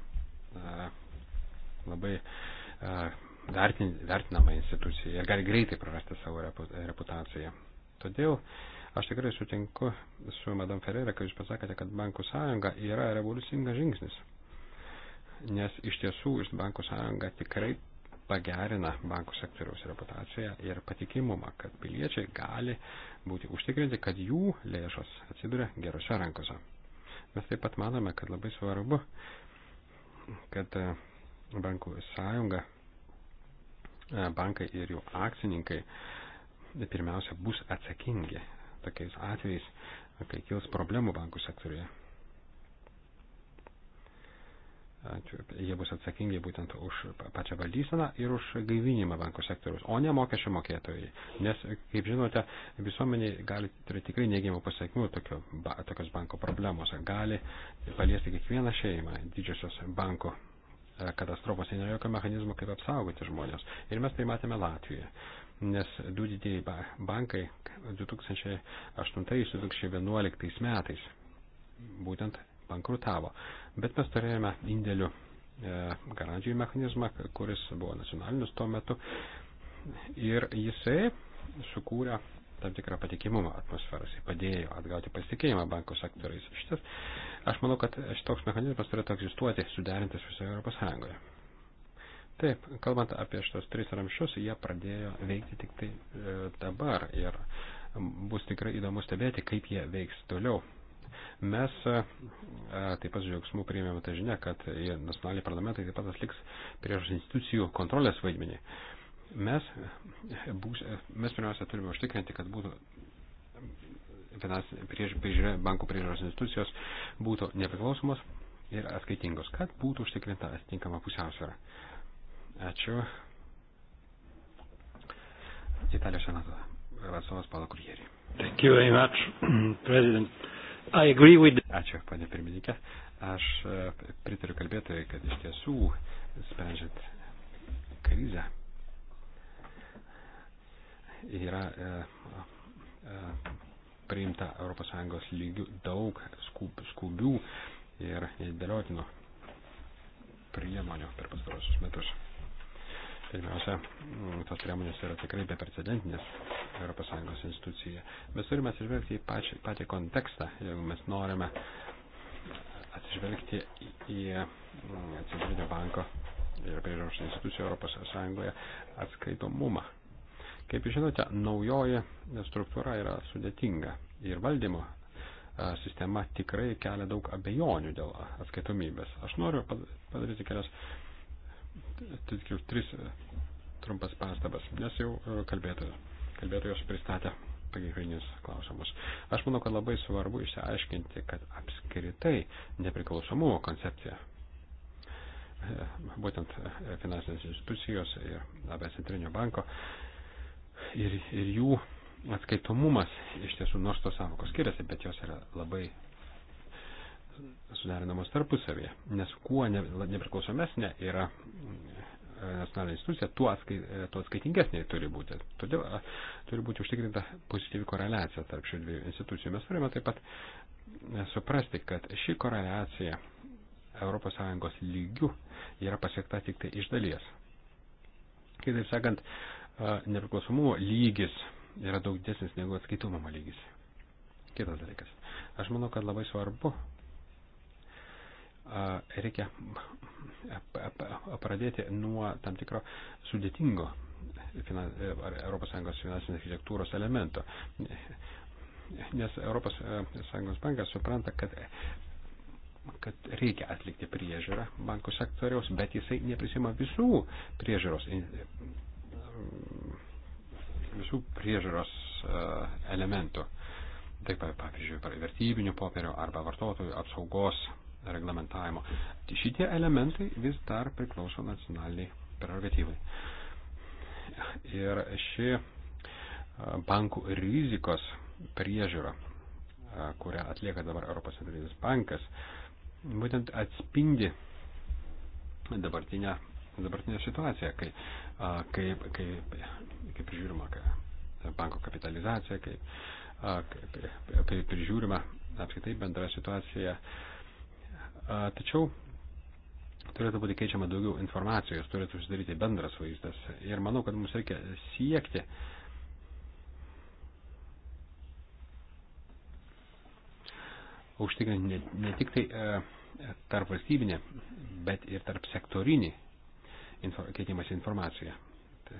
labai e, vertinama institucija ir gali greitai prarasti savo reputaciją. Todėl aš tikrai sutinku su Madame Ferreira, kai jūs pasakėte, kad bankų sąjunga yra revoliucingas žingsnis. Nes iš tiesų iš bankų sąjunga tikrai pagerina bankų sektoriaus reputaciją ir patikimumą, kad piliečiai gali būti užtikrinti, kad jų lėšos atsiduria gerose rankose. Mes taip pat manome, kad labai svarbu, kad e, bankų sąjunga, e, bankai ir jų akcininkai pirmiausia bus atsakingi tokiais atvejais, kai kils problemų bankų sektoriuje. Jie bus atsakingi būtent už pačią valdyseną ir už gaivinimą bankų sektoriaus, o ne mokesčio mokėtojai. Nes, kaip žinote, visuomeniai gali turėti tikrai neigiamų pasiekmių tokio, tokios banko problemos. Gali paliesti kiekvieną šeimą, didžiosios banko E, katastrofos ir nėra jokio mechanizmo, kaip apsaugoti žmonės. Ir mes tai matėme Latvijoje, nes du didieji bankai 2008-2011 metais būtent bankrutavo. Bet mes turėjome indėlių e, garantijų mechanizmą, kuris buvo nacionalinis tuo metu. Ir jisai sukūrė tam tikrą patikimumą atmosferos, jis padėjo atgauti pasitikėjimą bankų sektoriais. Šitas, aš manau, kad šitoks mechanizmas turėtų egzistuoti, suderintas visoje Europos Sąjungoje. Taip, kalbant apie šitos tris ramščius, jie pradėjo veikti tik tai e, dabar ir bus tikrai įdomu stebėti, kaip jie veiks toliau. Mes e, e taip pat žiaugsmų priėmėme tą žinę, kad nacionaliniai parlamentai taip pat atliks priežas institucijų kontrolės vaidmenį. E, Mes, būs, mes pirmiausia turime užtikrinti, kad būtų prieš, priežiūrė, bankų priežiūros institucijos būtų nepriklausomos ir atskaitingos, kad būtų užtikrinta atitinkama pusiausvėra. Ačiū. Italijos senato atstovas Paulo Kurjerį. Thank you very much, President. I agree with... Ačiū, panė pirmininkė. Aš e, pritariu kalbėtojai, kad iš tiesų, sprendžiant krizę, yra e, e, priimta ES lygių daug skub, skubių ir nedėliotinų priemonių per pastarosius metus. Pirmiausia, tos priemonės yra tikrai beprecedentinės ES institucija. Mes turime atsižvelgti į pačią, patį kontekstą, jeigu mes norime atsižvelgti į Centrinio banko ir priežiūros institucijų ES atskaitomumą Kaip žinote, naujoji struktūra yra sudėtinga ir valdymo sistema tikrai kelia daug abejonių dėl atskaitomybės. Aš noriu padaryti kelias, tikiu, tris trumpas pastabas, nes jau kalbėtojas, kalbėtojas pristatė pagrindinius klausimus. Aš manau, kad labai svarbu išsiaiškinti, kad apskritai nepriklausomumo koncepcija, būtent finansinės institucijos ir AB centrinio banko, ir, ir jų atskaitomumas iš tiesų nors tos savokos skiriasi, bet jos yra labai suderinamos tarpusavėje, nes kuo ne, nepriklausomesnė yra e, nacionalinė institucija, tuo, atskai, e, tuo atskaitingesnė turi būti. Todėl a, e, turi būti užtikrinta pozityvi koreliacija tarp šių dviejų institucijų. Mes turime taip pat suprasti, kad ši koreliacija ES lygių yra pasiekta tik tai iš dalies. Kitaip sakant, nepriklausomumo lygis yra daug desnis negu atskaitomumo lygis. Kitas dalykas. Aš manau, kad labai svarbu reikia pradėti nuo tam tikro sudėtingo ES finansinės architektūros elemento. Nes ES bankas supranta, kad kad reikia atlikti priežiūrą bankų sektoriaus, bet jisai neprisima visų priežiūros visų priežiūros e, elementų. Taip, pavyzdžiui, vertybinių popierių arba vartotojų apsaugos reglamentavimo. Tai šitie elementai vis dar priklauso nacionaliniai prerogatyvai. Ir ši e, bankų rizikos priežiūra, e, kurią atlieka dabar Europos centrinis bankas, būtent atspindi dabartinę, dabartinę situaciją, kai kaip, kaip, kaip prižiūrima banko kapitalizacija, kaip, kaip, kaip prižiūrima apskaitai bendra situacija. Tačiau turėtų būti keičiama daugiau informacijos, turėtų susidaryti bendras vaizdas. Ir manau, kad mums reikia siekti užtikrinti ne, ne tik tai e, tarp valstybinį, bet ir tarp sektorinį infor, keitimas informacija. Tai,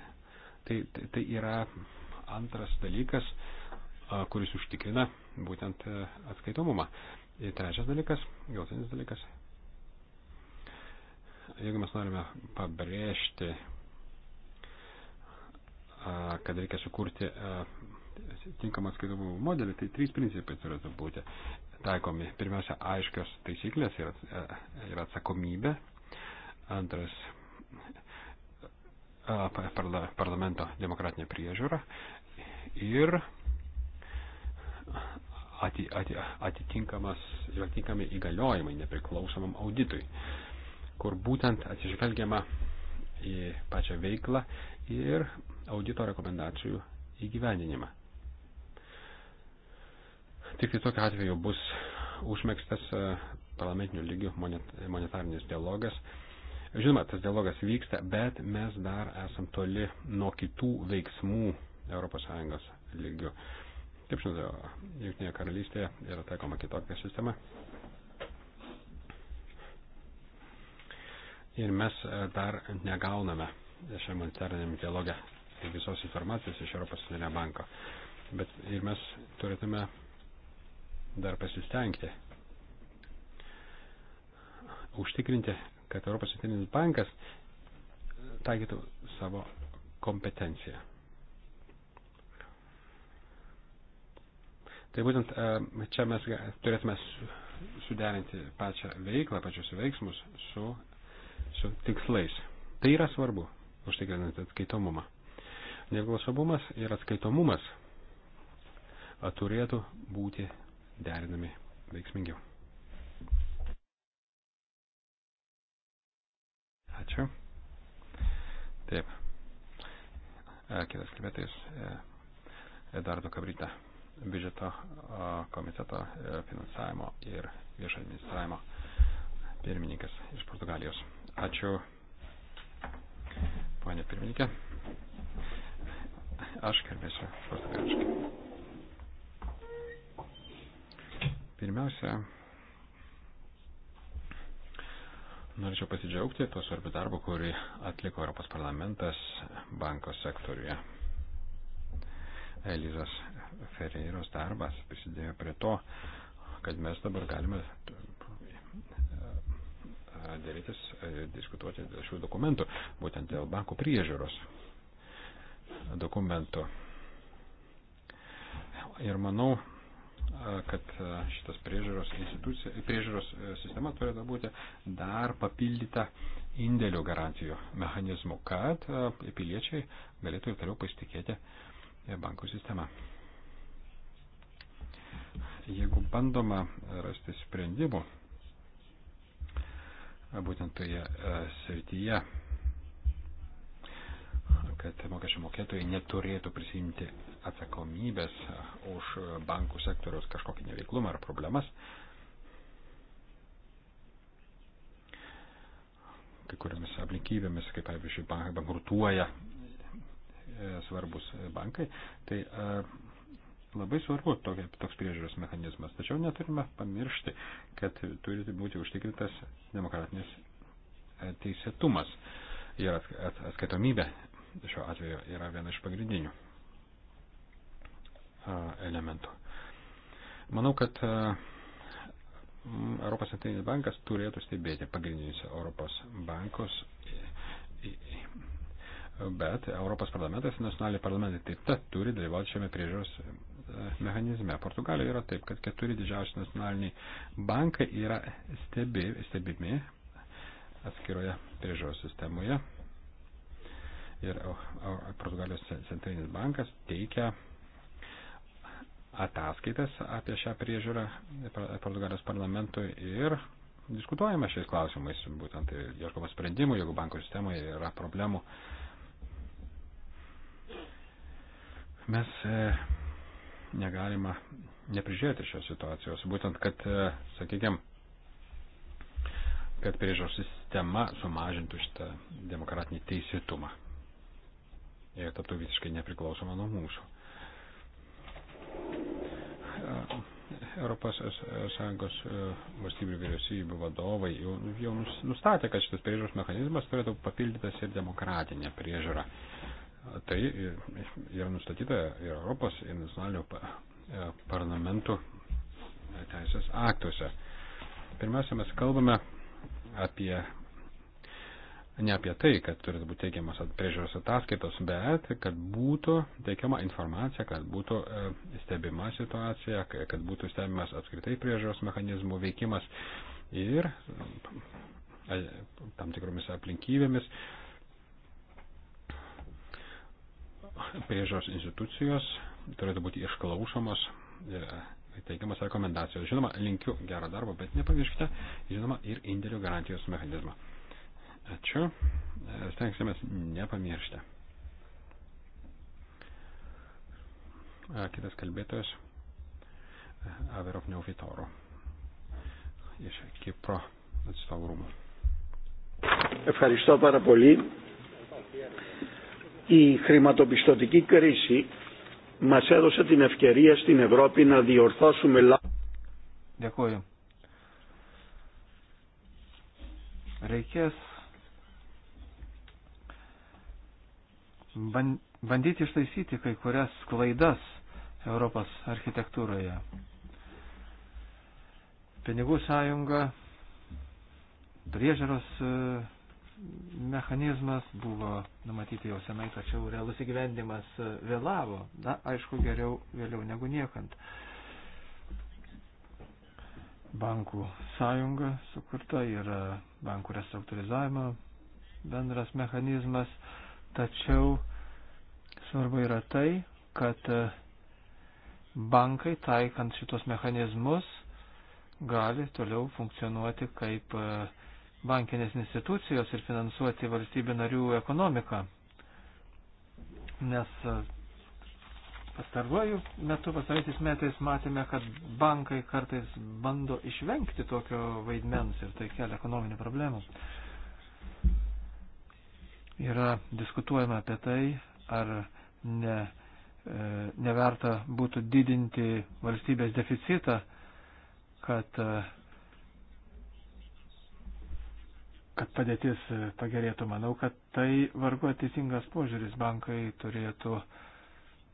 tai, tai, tai yra antras dalykas, kuris užtikrina būtent e, atskaitomumą. Ir trečias dalykas, galtinis dalykas, jeigu mes norime pabrėžti, kad reikia sukurti tinkamą atskaitomų modelį, tai trys principai turėtų būti taikomi. Pirmiausia, aiškios taisyklės ir atsakomybė. Antras, parlamento demokratinę priežiūrą ir ati, ati, atitinkamas ir atitinkami įgaliojimai nepriklausomam auditui, kur būtent atsižvelgiama į pačią veiklą ir audito rekomendacijų įgyvendinimą. Tik tai tokiu atveju bus užmėgstas e, parlamentinių lygių monetarinis dialogas Žinoma, tas dialogas vyksta, bet mes dar esam toli nuo kitų veiksmų ES lygių. Kaip žinote, Junktinėje karalystėje yra taikoma kitokia sistema. Ir mes e, dar negauname šiam humanitariniam dialogę visos informacijos iš Europos Centrinio banko. Bet ir mes turėtume dar pasistengti užtikrinti, kad Europos centrinis bankas taikytų savo kompetenciją. Tai būtent e, čia mes turėtume suderinti pačią veiklą, pačius veiksmus su, su tikslais. Tai yra svarbu, užtikrinant atskaitomumą. Neklausomumas ir atskaitomumas turėtų būti derinami veiksmingiau. Ačiū. Taip. E, kitas kalbėtojas e, Edardo Kabrita, biudžeto e, komiteto finansavimo ir viešo administravimo pirmininkas iš Portugalijos. Ačiū, ponė pirmininkė. Aš kalbėsiu portugališkai. Pirmiausia, Norėčiau pasidžiaugti to svarbiu darbu, kurį atliko Europos parlamentas banko sektoriuje. Elizas Ferreiros darbas prisidėjo prie to, kad mes dabar galime e, dėrėtis, e, diskutuoti dėl šių dokumentų, būtent dėl bankų priežiūros dokumentų. Ir manau, kad šitas priežiūros, priežiūros e, sistema turėtų būti dar papildyta indėlių garantijų mechanizmų, kad piliečiai galėtų ir toliau pasitikėti e, bankų sistemą. Jeigu bandoma rasti sprendimų, būtent toje e, srityje, kad mokesčių mokėtojai neturėtų prisimti atsakomybės už bankų sektoriaus kažkokį neveiklumą ar problemas. Kai kuriomis aplinkybėmis, kaip pavyzdžiui, bankrutuoja e, svarbus bankai, tai e, labai svarbu tokia, toks priežiūros mechanizmas. Tačiau neturime pamiršti, kad turi būti užtikrintas demokratinis e, teisėtumas ir atskaitomybė šiuo atveju yra viena iš pagrindinių elementų. Manau, kad Europos centrinis bankas turėtų stebėti pagrindinius Europos bankus, bet Europos parlamentas ir nacionaliniai parlamentai taip pat turi dalyvauti šiame priežiūros e, mechanizme. Portugalijoje yra taip, kad keturi didžiausi nacionaliniai bankai yra stebi, stebimi atskiroje priežiūros sistemoje. Ir Portugalijos centrinis bankas teikia ataskaitas apie šią priežiūrą Portugalijos parlamentui ir diskutuojame šiais klausimais, būtent tai ieškoma sprendimų, jeigu bankų sistemoje yra problemų. Mes e, negalima neprižiūrėti šios situacijos, būtent kad, e, sakykime, kad priežiūros sistema sumažintų šitą demokratinį teisėtumą ir taptų visiškai nepriklausoma nuo mūsų. ES e, valstybių vyriausybių vadovai jau, jau nustatė, kad šitas priežiūros mechanizmas turėtų papildytas ir demokratinė priežiūra. Tai yra nustatyta ir Europos, ir nacionalinio e, parlamentų teisės aktuose. Pirmiausia, mes kalbame apie ne apie tai, kad turi būti teikiamas priežiūros ataskaitos, bet kad būtų teikiama informacija, kad būtų e, stebima situacija, kad būtų stebimas apskritai priežiūros mechanizmų veikimas ir tam tikromis aplinkybėmis priežiūros institucijos turėtų būti išklausomos ir e, teikiamas rekomendacijos. Žinoma, linkiu gerą darbą, bet nepamirškite, žinoma, ir indėlių garantijos mechanizmą. Ačiū. E, stengsimės nepamiršti. Kitas kalbėtojas e, Averov Neufitoro iš Kipro atstovų rūmų. Ευχαριστώ πάρα πολύ. Η χρηματοπιστωτική κρίση μας έδωσε την ευκαιρία στην Ευρώπη να διορθώσουμε λάθη. Dėkuoju. Reikės bandyti ištaisyti kai kurias klaidas Europos architektūroje. Pinigų sąjunga, priežaros e, mechanizmas buvo numatyti jau senai, tačiau realus įgyvendimas e, vėlavo. Na, aišku, geriau vėliau negu niekant. Bankų sąjunga sukurta yra bankų restruktūrizavimo bendras mechanizmas Tačiau svarbu yra tai, kad e, bankai taikant šitos mechanizmus gali toliau funkcionuoti kaip e, bankinės institucijos ir finansuoti valstybių narių ekonomiką. Nes e, pastaruoju metu, pastaraisiais metais matėme, kad bankai kartais bando išvengti tokio vaidmens ir tai kelia ekonominių problemų yra diskutuojama apie tai, ar ne, e, neverta būtų didinti valstybės deficitą, kad, e, kad padėtis pagerėtų. Manau, kad tai vargu atitingas požiūris. Bankai turėtų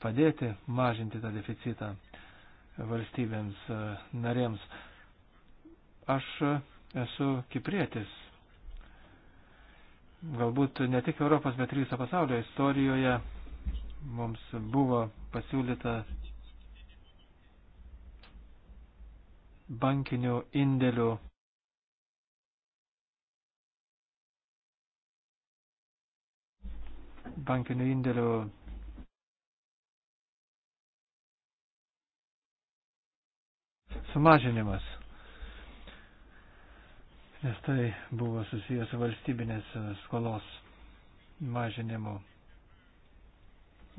padėti mažinti tą deficitą valstybėms e, narėms. Aš esu kiprietis galbūt ne tik Europos, bet ir viso pasaulio istorijoje mums buvo pasiūlyta bankinių indėlių bankinių indėlių sumažinimas nes tai buvo susijęs su valstybinės skolos mažinimu.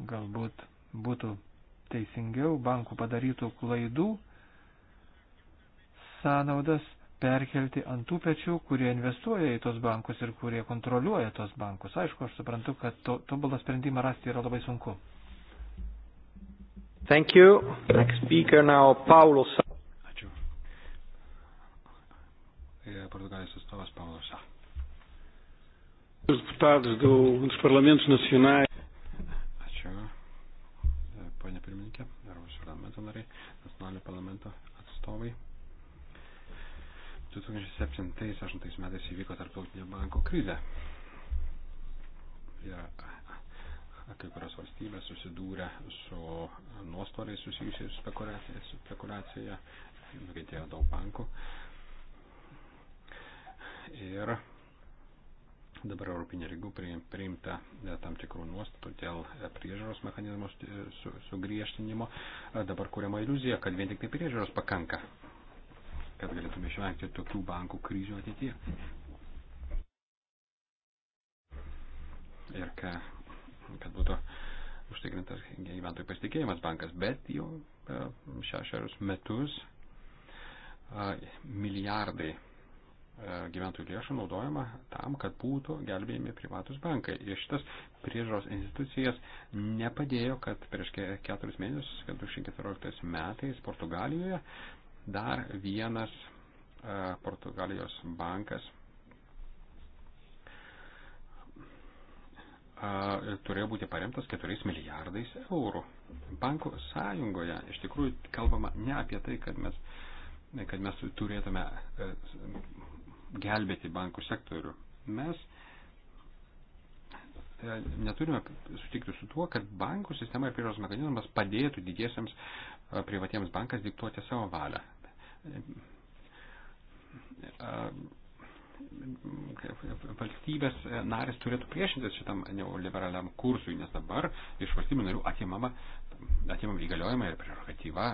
Galbūt būtų teisingiau bankų padarytų klaidų sąnaudas perkelti ant tų pečių, kurie investuoja į tos bankus ir kurie kontroliuoja tos bankus. Aišku, aš suprantu, kad to, tobulą sprendimą rasti yra labai sunku. Thank you. Next speaker now, Paulo. Portugalijos atstovas Paulas Šach. Ačiū, e, ponė pirmininkė, Europos parlamento nariai, nacionalinio parlamento atstovai. 2007-2008 metais įvyko tarptautinė banko krizė. Ir kai kurios valstybės susidūrė su nuostoliais susijusiais spekulacija, nukentėjo daug bankų ir dabar Europinė lygų priimta e, tam tikrų nuostatų dėl e, priežiūros mechanizmo e, sugriežtinimo. Dabar kuriama iliuzija, kad vien tik tai priežiūros pakanka, kad galėtume išvengti tokių bankų kryžių ateityje. Ir ka, kad būtų užtikrintas gyventojų pasitikėjimas bankas, bet jau šešerius metus milijardai E, gyventojų lėšų naudojama tam, kad būtų gelbėjami privatus bankai. Ir šitas priežos institucijas nepadėjo, kad prieš keturis mėnesius, 2014 metais Portugalijoje dar vienas e, Portugalijos bankas e, turėjo būti paremtas 4 milijardais eurų. Bankų sąjungoje iš tikrųjų kalbama ne apie tai, kad mes, kad mes turėtume gelbėti bankų sektorių. Mes e, neturime sutikti su tuo, kad bankų sistema ir priežos mechanizmas padėtų didiesiams e, privatiems bankas diktuoti savo valią. E, valstybės narės turėtų priešintis šitam neoliberaliam kursui, nes dabar iš valstybių narių atimama, atimama įgaliojama ir prerogatyva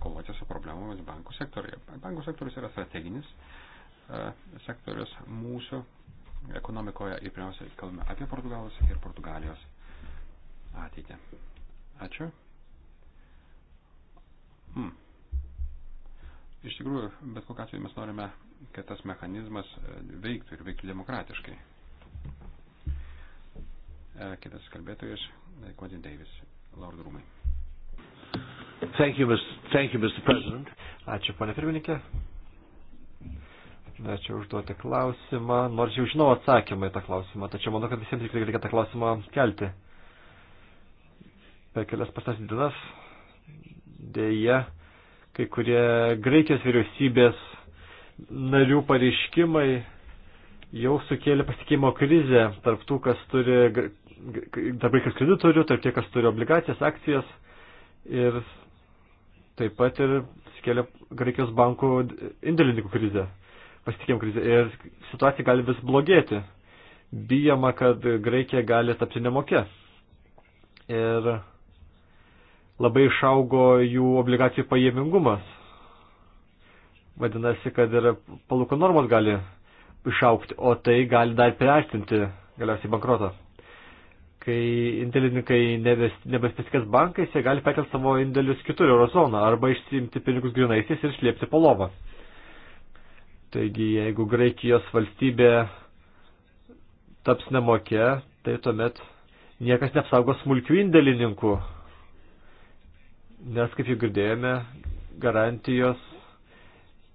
kovoti su problemomis bankų sektoriuje. Bankų sektorius yra strateginis eh, sektorius mūsų ekonomikoje ir pirmiausia kalbame apie Portugalus ir Portugalijos ateitį. Ah, Ačiū. Hmm. Iš tikrųjų, bet kokiu atveju mes norime, kad tas mechanizmas veiktų ir veiktų demokratiškai. Kitas kalbėtojas, Quentin Davis, Lord Rūmai. Thank you, Mr. Thank you, Mr. President. Ačiū, ponė pirmininkė. Ačiū užduoti klausimą. Nors jau žinau atsakymą į tą klausimą, tačiau manau, kad visiems tikrai reikia tą klausimą kelti. Per kelias pasas dienas dėja kai kurie Graikijos vyriausybės narių pareiškimai jau sukėlė pasitikėjimo krizę tarp tų, kas turi tarp Graikijos kreditorių, tarp tie, kas turi obligacijas, akcijas. Ir taip pat ir skelia Graikijos bankų indėlininkų krizę, pasitikėjimų krizę. Ir situacija gali vis blogėti. Bijama, kad Graikija gali tapti nemokė. Ir labai išaugo jų obligacijų pajėmingumas. Vadinasi, kad ir palūkanų normos gali išaukti, o tai gali dar priartinti galiausiai bankrotą kai indėlininkai nebespasitikės bankais, jie gali perkelti savo indėlius kitur eurozoną arba išsiimti pinigus grinaisiais ir išliepti po lovą. Taigi, jeigu Graikijos valstybė taps nemokė, tai tuomet niekas neapsaugos smulkių indėlininkų. Nes, kaip jau girdėjome, garantijos,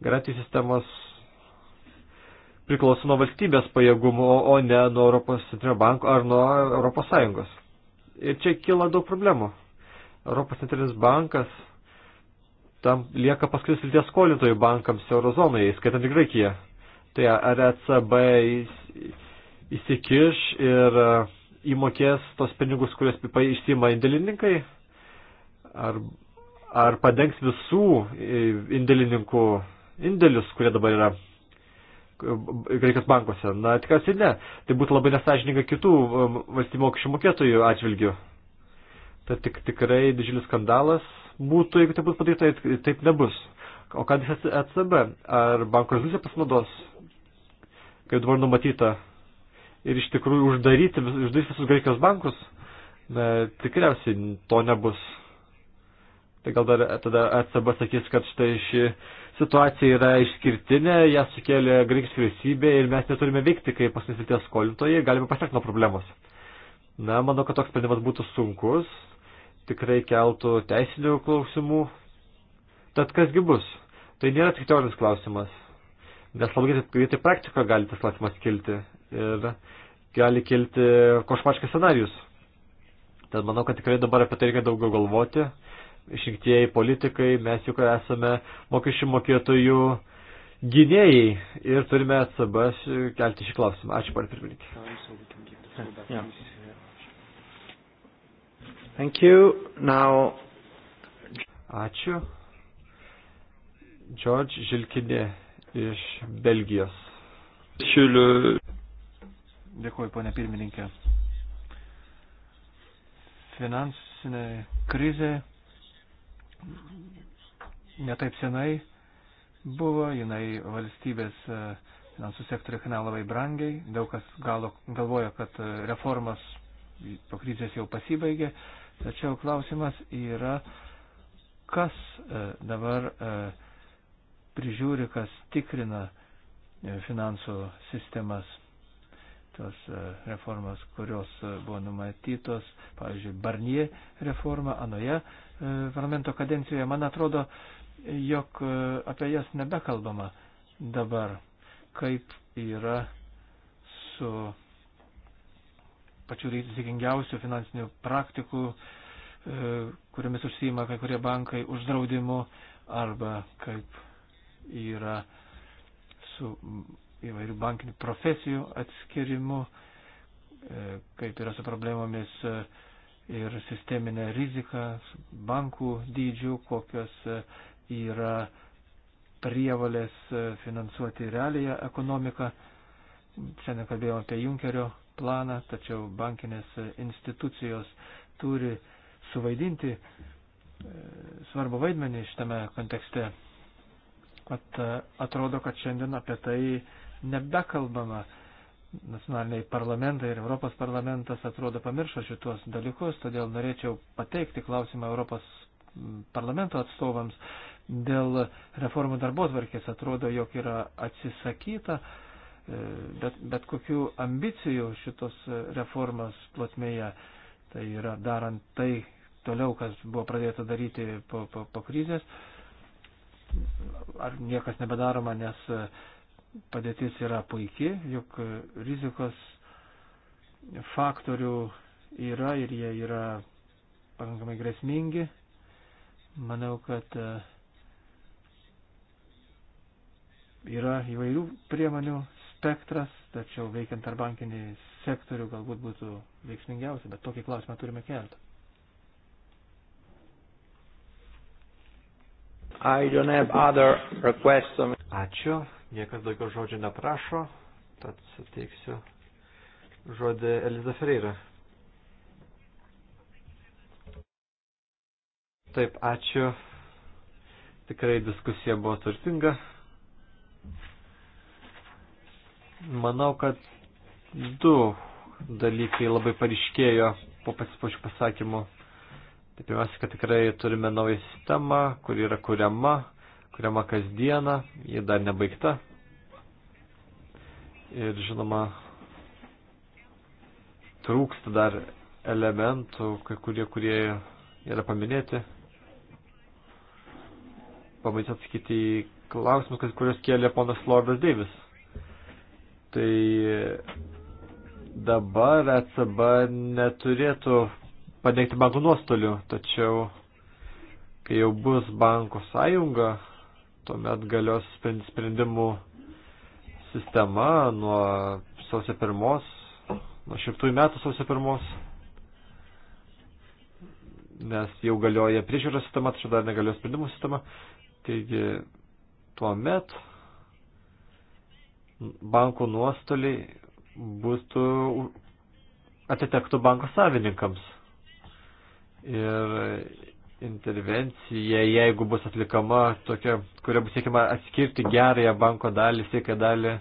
garantijų sistemos priklauso nuo valstybės pajėgumų, o ne nuo Europos centrinio banko ar nuo Europos Sąjungos. Ir čia kyla daug problemų. Europos centrinis bankas tam lieka paskutinis lyties skolintojų bankams eurozonoje, skaitant ir Graikiją. Tai ar ECB įsikiš ir e, įmokės tos pinigus, kurias išsima indėlininkai, ar, ar padengs visų e, indėlininkų indėlius, kurie dabar yra Graikijos bankuose? Na, tikriausiai ne. Tai būtų labai nesažininga kitų um, valstybių mokesčių mokėtojų atžvilgių. Tai tik, tikrai didžiulis skandalas būtų, jeigu tai būtų padaryta, tai taip nebus. O ką darys ECB? Ar banko rezoliucija pasinaudos, kaip dabar numatyta, ir iš tikrųjų uždaryti, uždaryti visus Graikijos bankus? Na, tikriausiai to nebus. Tai gal dar tada ECB sakys, kad štai ši situacija yra išskirtinė, ją sukėlė graikijos vyriausybė ir mes neturime veikti kaip pasisitės skolintojai, galime pasiekti nuo problemos. Na, manau, kad toks sprendimas būtų sunkus, tikrai keltų teisinių klausimų. Tad kasgi bus? Tai nėra tik teorinis klausimas, nes labai greitai praktikoje gali tas klausimas kilti ir gali kilti košmaškas scenarius. Tad manau, kad tikrai dabar apie tai reikia daugiau galvoti išrinktieji politikai, mes juk esame mokesčių mokėtojų gynėjai ir turime ECB kelti šį klausimą. Ačiū, pane pirmininkė. Thank you. Now... Ačiū. George Žilkinė iš Belgijos. Šiuliu. Dėkuoju, ponė pirmininkė. Finansinė krizė netaip senai buvo, jinai valstybės e, finansų sektorių kainavo labai brangiai, daug kas galo, galvoja, kad e, reformas po krizės jau pasibaigė, tačiau klausimas yra, kas e, dabar prižiūri, kas tikrina finansų sistemas tos reformas, kurios buvo numatytos, pavyzdžiui, Barnie reforma, anoje E, parlamento kadencijoje. Man atrodo, jog e, apie jas nebekalbama dabar, kaip yra su pačių rizikingiausių finansinių praktikų, e, kuriomis užsima kai kurie bankai uždraudimu arba kaip yra su įvairių bankinių profesijų atskirimu, kaip yra su problemomis ir sisteminę riziką, bankų dydžių, kokios e, yra prievalės e, finansuoti realiją ekonomiką. Šiandien kalbėjome apie Junkerio planą, tačiau bankinės e, institucijos turi suvaidinti svarbu vaidmenį šitame kontekste. At, atrodo, kad šiandien apie tai nebekalbama nacionaliniai parlamentai ir Europos parlamentas atrodo pamiršo šitos dalykus, todėl norėčiau pateikti klausimą Europos parlamento atstovams dėl reformų darbo tvarkės. Atrodo, jog yra atsisakyta e, bet, bet kokių ambicijų šitos reformos plotmėje. Tai yra darant tai toliau, kas buvo pradėta daryti po, po, po krizės. Ar niekas nebedaroma, nes uh, padėtis yra puikia, juk rizikos faktorių yra ir jie yra pakankamai grėsmingi. Manau, kad e, yra įvairių priemonių spektras, tačiau veikiant ar bankinį sektorių galbūt būtų veiksmingiausia, bet tokį klausimą turime kelti. Ačiū. Niekas daugiau žodžio neprašo, tad suteiksiu žodį Eliza Ferreira. Taip, ačiū. Tikrai diskusija buvo turtinga. Manau, kad du dalykai labai paryškėjo po pasipočių pasakymų. Tai pirmiausia, kad tikrai turime naują sistemą, kuri yra kuriama kuriama kasdieną, ji dar nebaigta. Ir žinoma, trūksta dar elementų, kai kurie, kurie yra paminėti. Pamatysiu atsakyti į klausimus, kuriuos kėlė ponas Lordas Davis. Tai dabar ECB neturėtų padengti bankų nuostolių, tačiau kai jau bus bankų sąjunga, tuomet galios sprendimų sistema nuo sausio pirmos, nuo šimtųjų metų sausio pirmos, nes jau galioja priežiūros sistema, tačiau dar negalios sprendimų sistema. Taigi tuomet bankų nuostoliai būtų atitektų banko savininkams. Ir intervencija, jeigu bus atlikama tokia, kuria bus siekima atskirti gerąją banko dalį, siekia dalį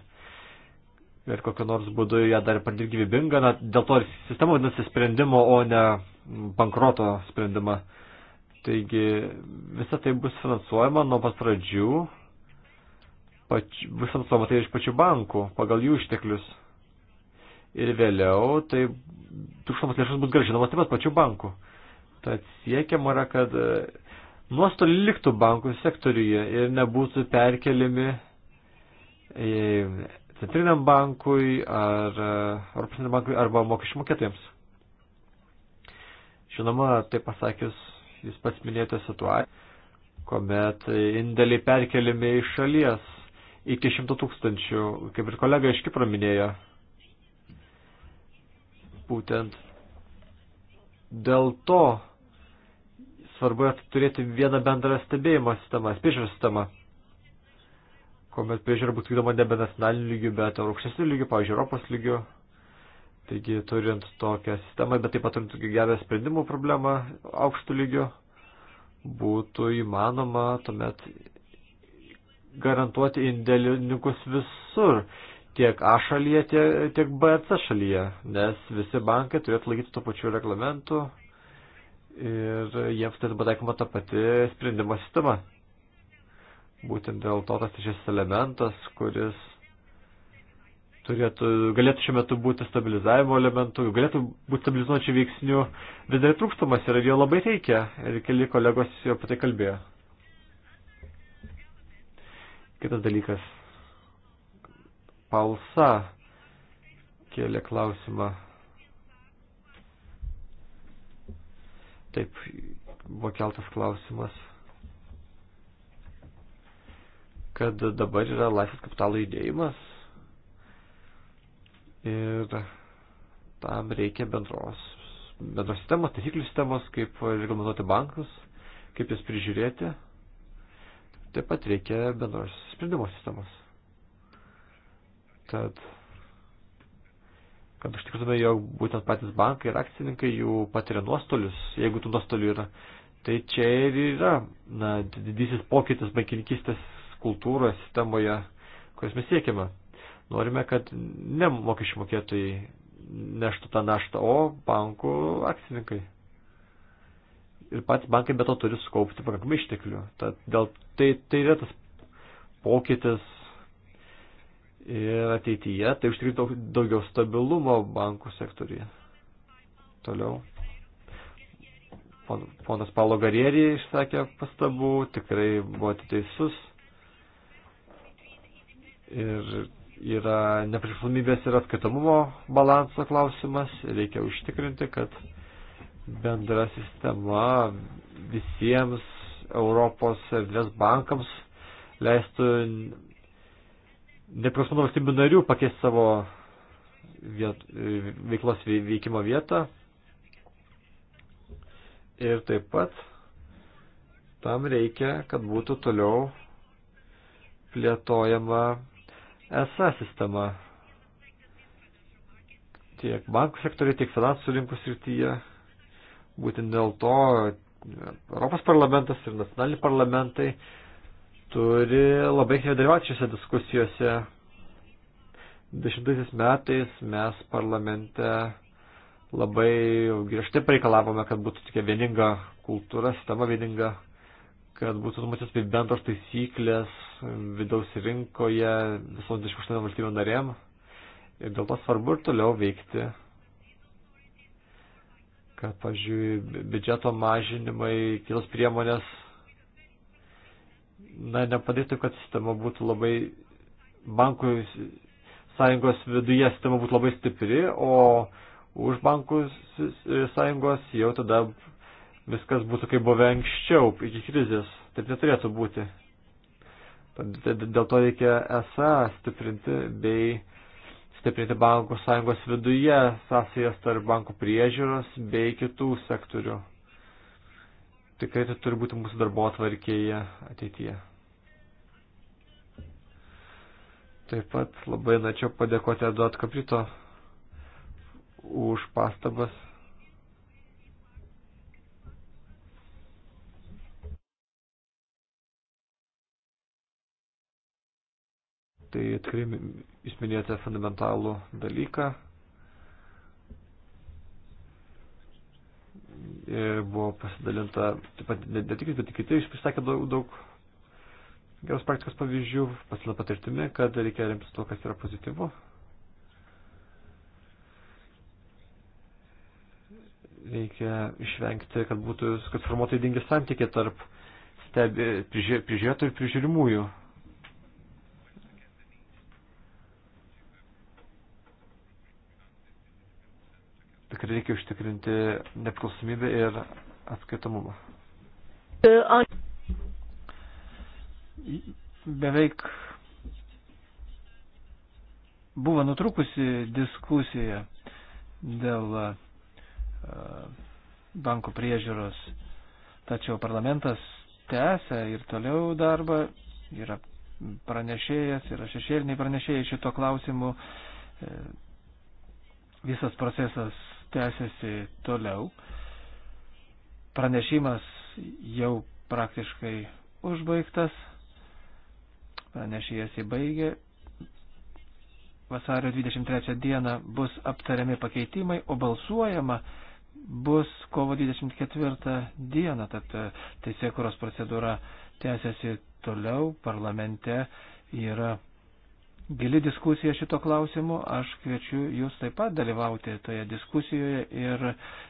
ir kokiu nors būdu ją dar padaryti gyvybingą, na, dėl to sistema vadinasi sprendimo, o ne bankroto sprendimą. Taigi visa tai bus finansuojama nuo pat pradžių, pač, bus finansuojama tai iš pačių bankų, pagal jų išteklius. Ir vėliau tai trūkstamas lėšas bus gražinamas taip pat pačių bankų. Tad siekiama yra, kad e, nuostoliai liktų bankų sektoriuje ir nebūtų perkeliami e, centriniam bankui ar e, Europiniam bankui arba mokesčių mokėtojams. Žinoma, tai pasakius, jūs pats minėjote situaciją, kuomet indėliai perkeliami iš šalies iki šimto tūkstančių, kaip ir kolega iš Kipro minėjo. Būtent dėl to svarbu yra turėti vieną bendrą stebėjimo sistemą, priežiūros sistemą, kuomet priežiūra būtų vykdoma nebe nacionaliniu lygiu, bet aukštesniu lygiu, pavyzdžiui, Europos lygiu. Taigi, turint tokią sistemą, bet taip pat turint gerą sprendimų problemą aukštų lygių, būtų įmanoma tuomet garantuoti indėlininkus visur, tiek A šalyje, tiek, tiek BC šalyje, nes visi bankai turėtų laikyti to pačiu reglamentu ir jiems turėtų būti taikoma ta pati sprendimo sistema. Būtent dėl to tas šis elementas, kuris turėtų, galėtų šiuo metu būti stabilizavimo elementų, galėtų būti stabilizuojančių veiksnių, bet dar trūkstamas yra, jo labai reikia ir keli kolegos jau apie tai kalbėjo. Kitas dalykas. Pausa kėlė klausimą. Taip, buvo keltas klausimas, kad dabar yra laisvas kapitalo judėjimas ir tam reikia bendros, bendros sistemos, taisyklių sistemos, kaip reglamentuoti bankus, kaip jas prižiūrėti. Taip pat reikia bendros sprendimo sistemos. Tad kad užtikrintume, jog būtent patys bankai ir akcininkai jų patiria nuostolius, jeigu tų nuostolių yra. Tai čia ir yra na, didysis pokytis bankininkistės kultūroje, sistemoje, kurias mes siekime. Norime, kad ne mokesčių mokėtojai neštų tą naštą, o bankų akcininkai. Ir patys bankai be to turi sukaupti pakankamai išteklių. Tad dėl tai, tai yra tas pokytis ir ateityje tai užtikrintų daugiau stabilumo bankų sektoriuje. Toliau. Ponas Paulo Garierį išsakė pastabų, tikrai buvo teisus. Ir yra nepriklausomybės ir atskaitomumo balanso klausimas. Reikia užtikrinti, kad bendra sistema visiems Europos erdvės bankams leistų nepriklausomų valstybių narių pakeis savo viet, e, veiklos veikimo vietą. Ir taip pat tam reikia, kad būtų toliau plėtojama ESA sistema tiek bankų sektoriai, tiek finansų rinkų srityje. Būtent dėl to Europos parlamentas ir nacionaliniai parlamentai turi labai aktyviai dalyvauti šiuose diskusijose. Dešimtaisiais metais mes parlamente labai griežtai pareikalavome, kad būtų tokia vieninga kultūra, sistema vieninga, kad būtų numatytos bei bendros taisyklės vidaus rinkoje visoms 28 valstybių narėm. Ir dėl to svarbu ir toliau veikti kad, pažiūrėjau, biudžeto mažinimai, kitos priemonės na, nepadėtų, kad sistema būtų labai, bankų sąjungos viduje sistema būtų labai stipri, o už bankų sąjungos jau tada viskas būtų kaip buvę anksčiau, iki krizės. Taip neturėtų būti. Dėl to reikia esą stiprinti bei stiprinti bankų sąjungos viduje sąsajas tarp bankų priežiūros bei kitų sektorių tikrai tai turi būti mūsų darbo atvarkėje ateityje. Taip pat labai norėčiau padėkoti Eduard Kaprito už pastabas. Tai tikrai jūs minėjote fundamentalų dalyką, E, buvo pasidalinta, taip pat ne, ne tik jis, bet ir kiti išsakė daug, daug geros praktikos pavyzdžių, pasilina patirtimi, kad reikia remtis tuo, kas yra pozityvu. Reikia išvengti, kad būtų, kad formuotojai dingi santykiai tarp prižiūrėtojų ir prižiūrimųjų. kad reikia užtikrinti nepriklausomybę ir atskaitomumą. E, beveik buvo nutrukusi diskusija dėl e, bankų priežiūros, tačiau parlamentas tęsia ir toliau darbą, yra pranešėjas, yra šešėliniai pranešėjai šito klausimu. E, visas procesas tęsiasi toliau. Pranešimas jau praktiškai užbaigtas. Pranešėjas įbaigė. Vasario 23 dieną bus aptariami pakeitimai, o balsuojama bus kovo 24 dieną, tad e, teisėkuros procedūra tęsiasi toliau parlamente yra gili diskusija šito klausimu. Aš kviečiu jūs taip pat dalyvauti toje diskusijoje ir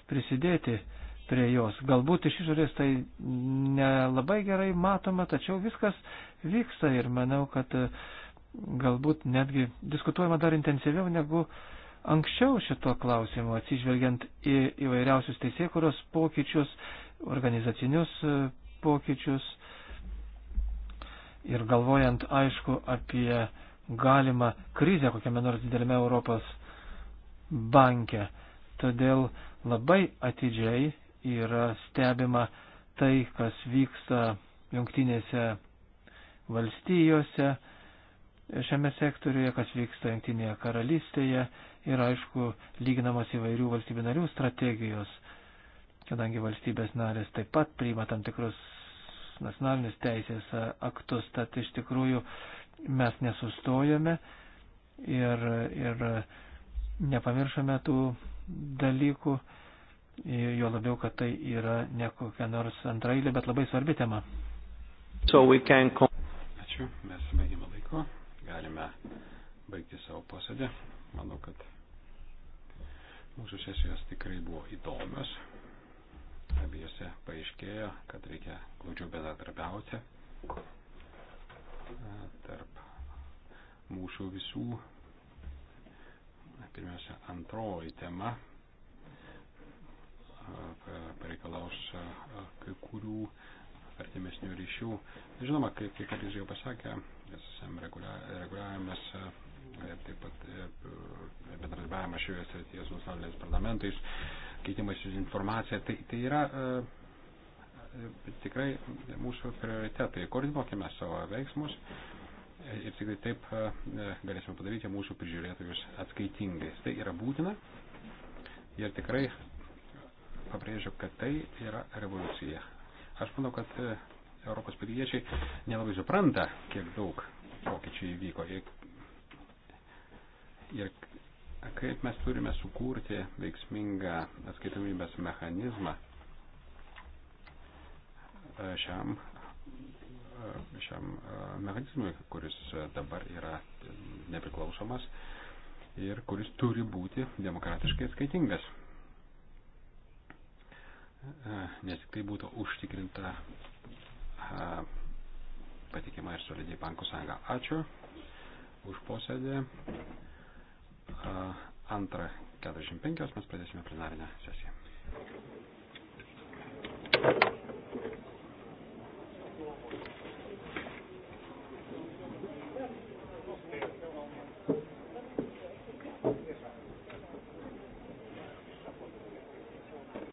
prisidėti prie jos. Galbūt iš išorės tai nelabai gerai matoma, tačiau viskas vyksta ir manau, kad e, galbūt netgi diskutuojama dar intensyviau negu anksčiau šito klausimu, atsižvelgiant į įvairiausius teisėkuros pokyčius, organizacinius e, pokyčius ir galvojant aišku apie galimą krizę kokiame nors didelėme Europos banke. Todėl labai atidžiai yra stebima tai, kas vyksta jungtinėse valstijose šiame sektoriuje, kas vyksta jungtinėje karalystėje ir aišku lyginamos įvairių valstybių narių strategijos, kadangi valstybės narės taip pat priima tam tikrus nacionalinius teisės aktus, tad iš tikrųjų mes nesustojome ir, ir nepamiršome tų dalykų, jo labiau, kad tai yra ne kokia nors antrailė, bet labai svarbi tema. So can... Ačiū, mes baigėme laiko, galime baigti savo posėdį. Manau, kad mūsų sesijos tikrai buvo įdomios. Abiejose paaiškėjo, kad reikia glaudžiau bendradarbiauti tarp mūsų visų. Pirmiausia, antroji tema pareikalaus kai kurių artimesnių ryšių. Žinoma, kaip kai kas jau pasakė, SM reguliavimas ir taip pat e, e, bendradarbiavimas šioje srityje su nacionaliniais parlamentais, keitimasis informacija, tai, tai yra uh, tikrai mūsų prioritetai, koordinuokime savo veiksmus ir tikrai taip e, galėsime padaryti mūsų prižiūrėtojus atskaitingais. Tai yra būtina ir tikrai pabrėžiu, kad tai yra revoliucija. Aš manau, kad e, Europos piliečiai nelabai supranta, kiek daug pokyčių įvyko ir, ir kaip mes turime sukurti veiksmingą atskaitomybės mechanizmą šiam, šiam e, mechanizmui, kuris dabar yra nepriklausomas ir kuris turi būti demokratiškai atskaitingas. E, nes tik tai būtų užtikrinta e, patikima ir solidžiai bankų sąjunga. Ačiū už posėdį. Antrą 45 mes pradėsime plenarinę sesiją. Thank you.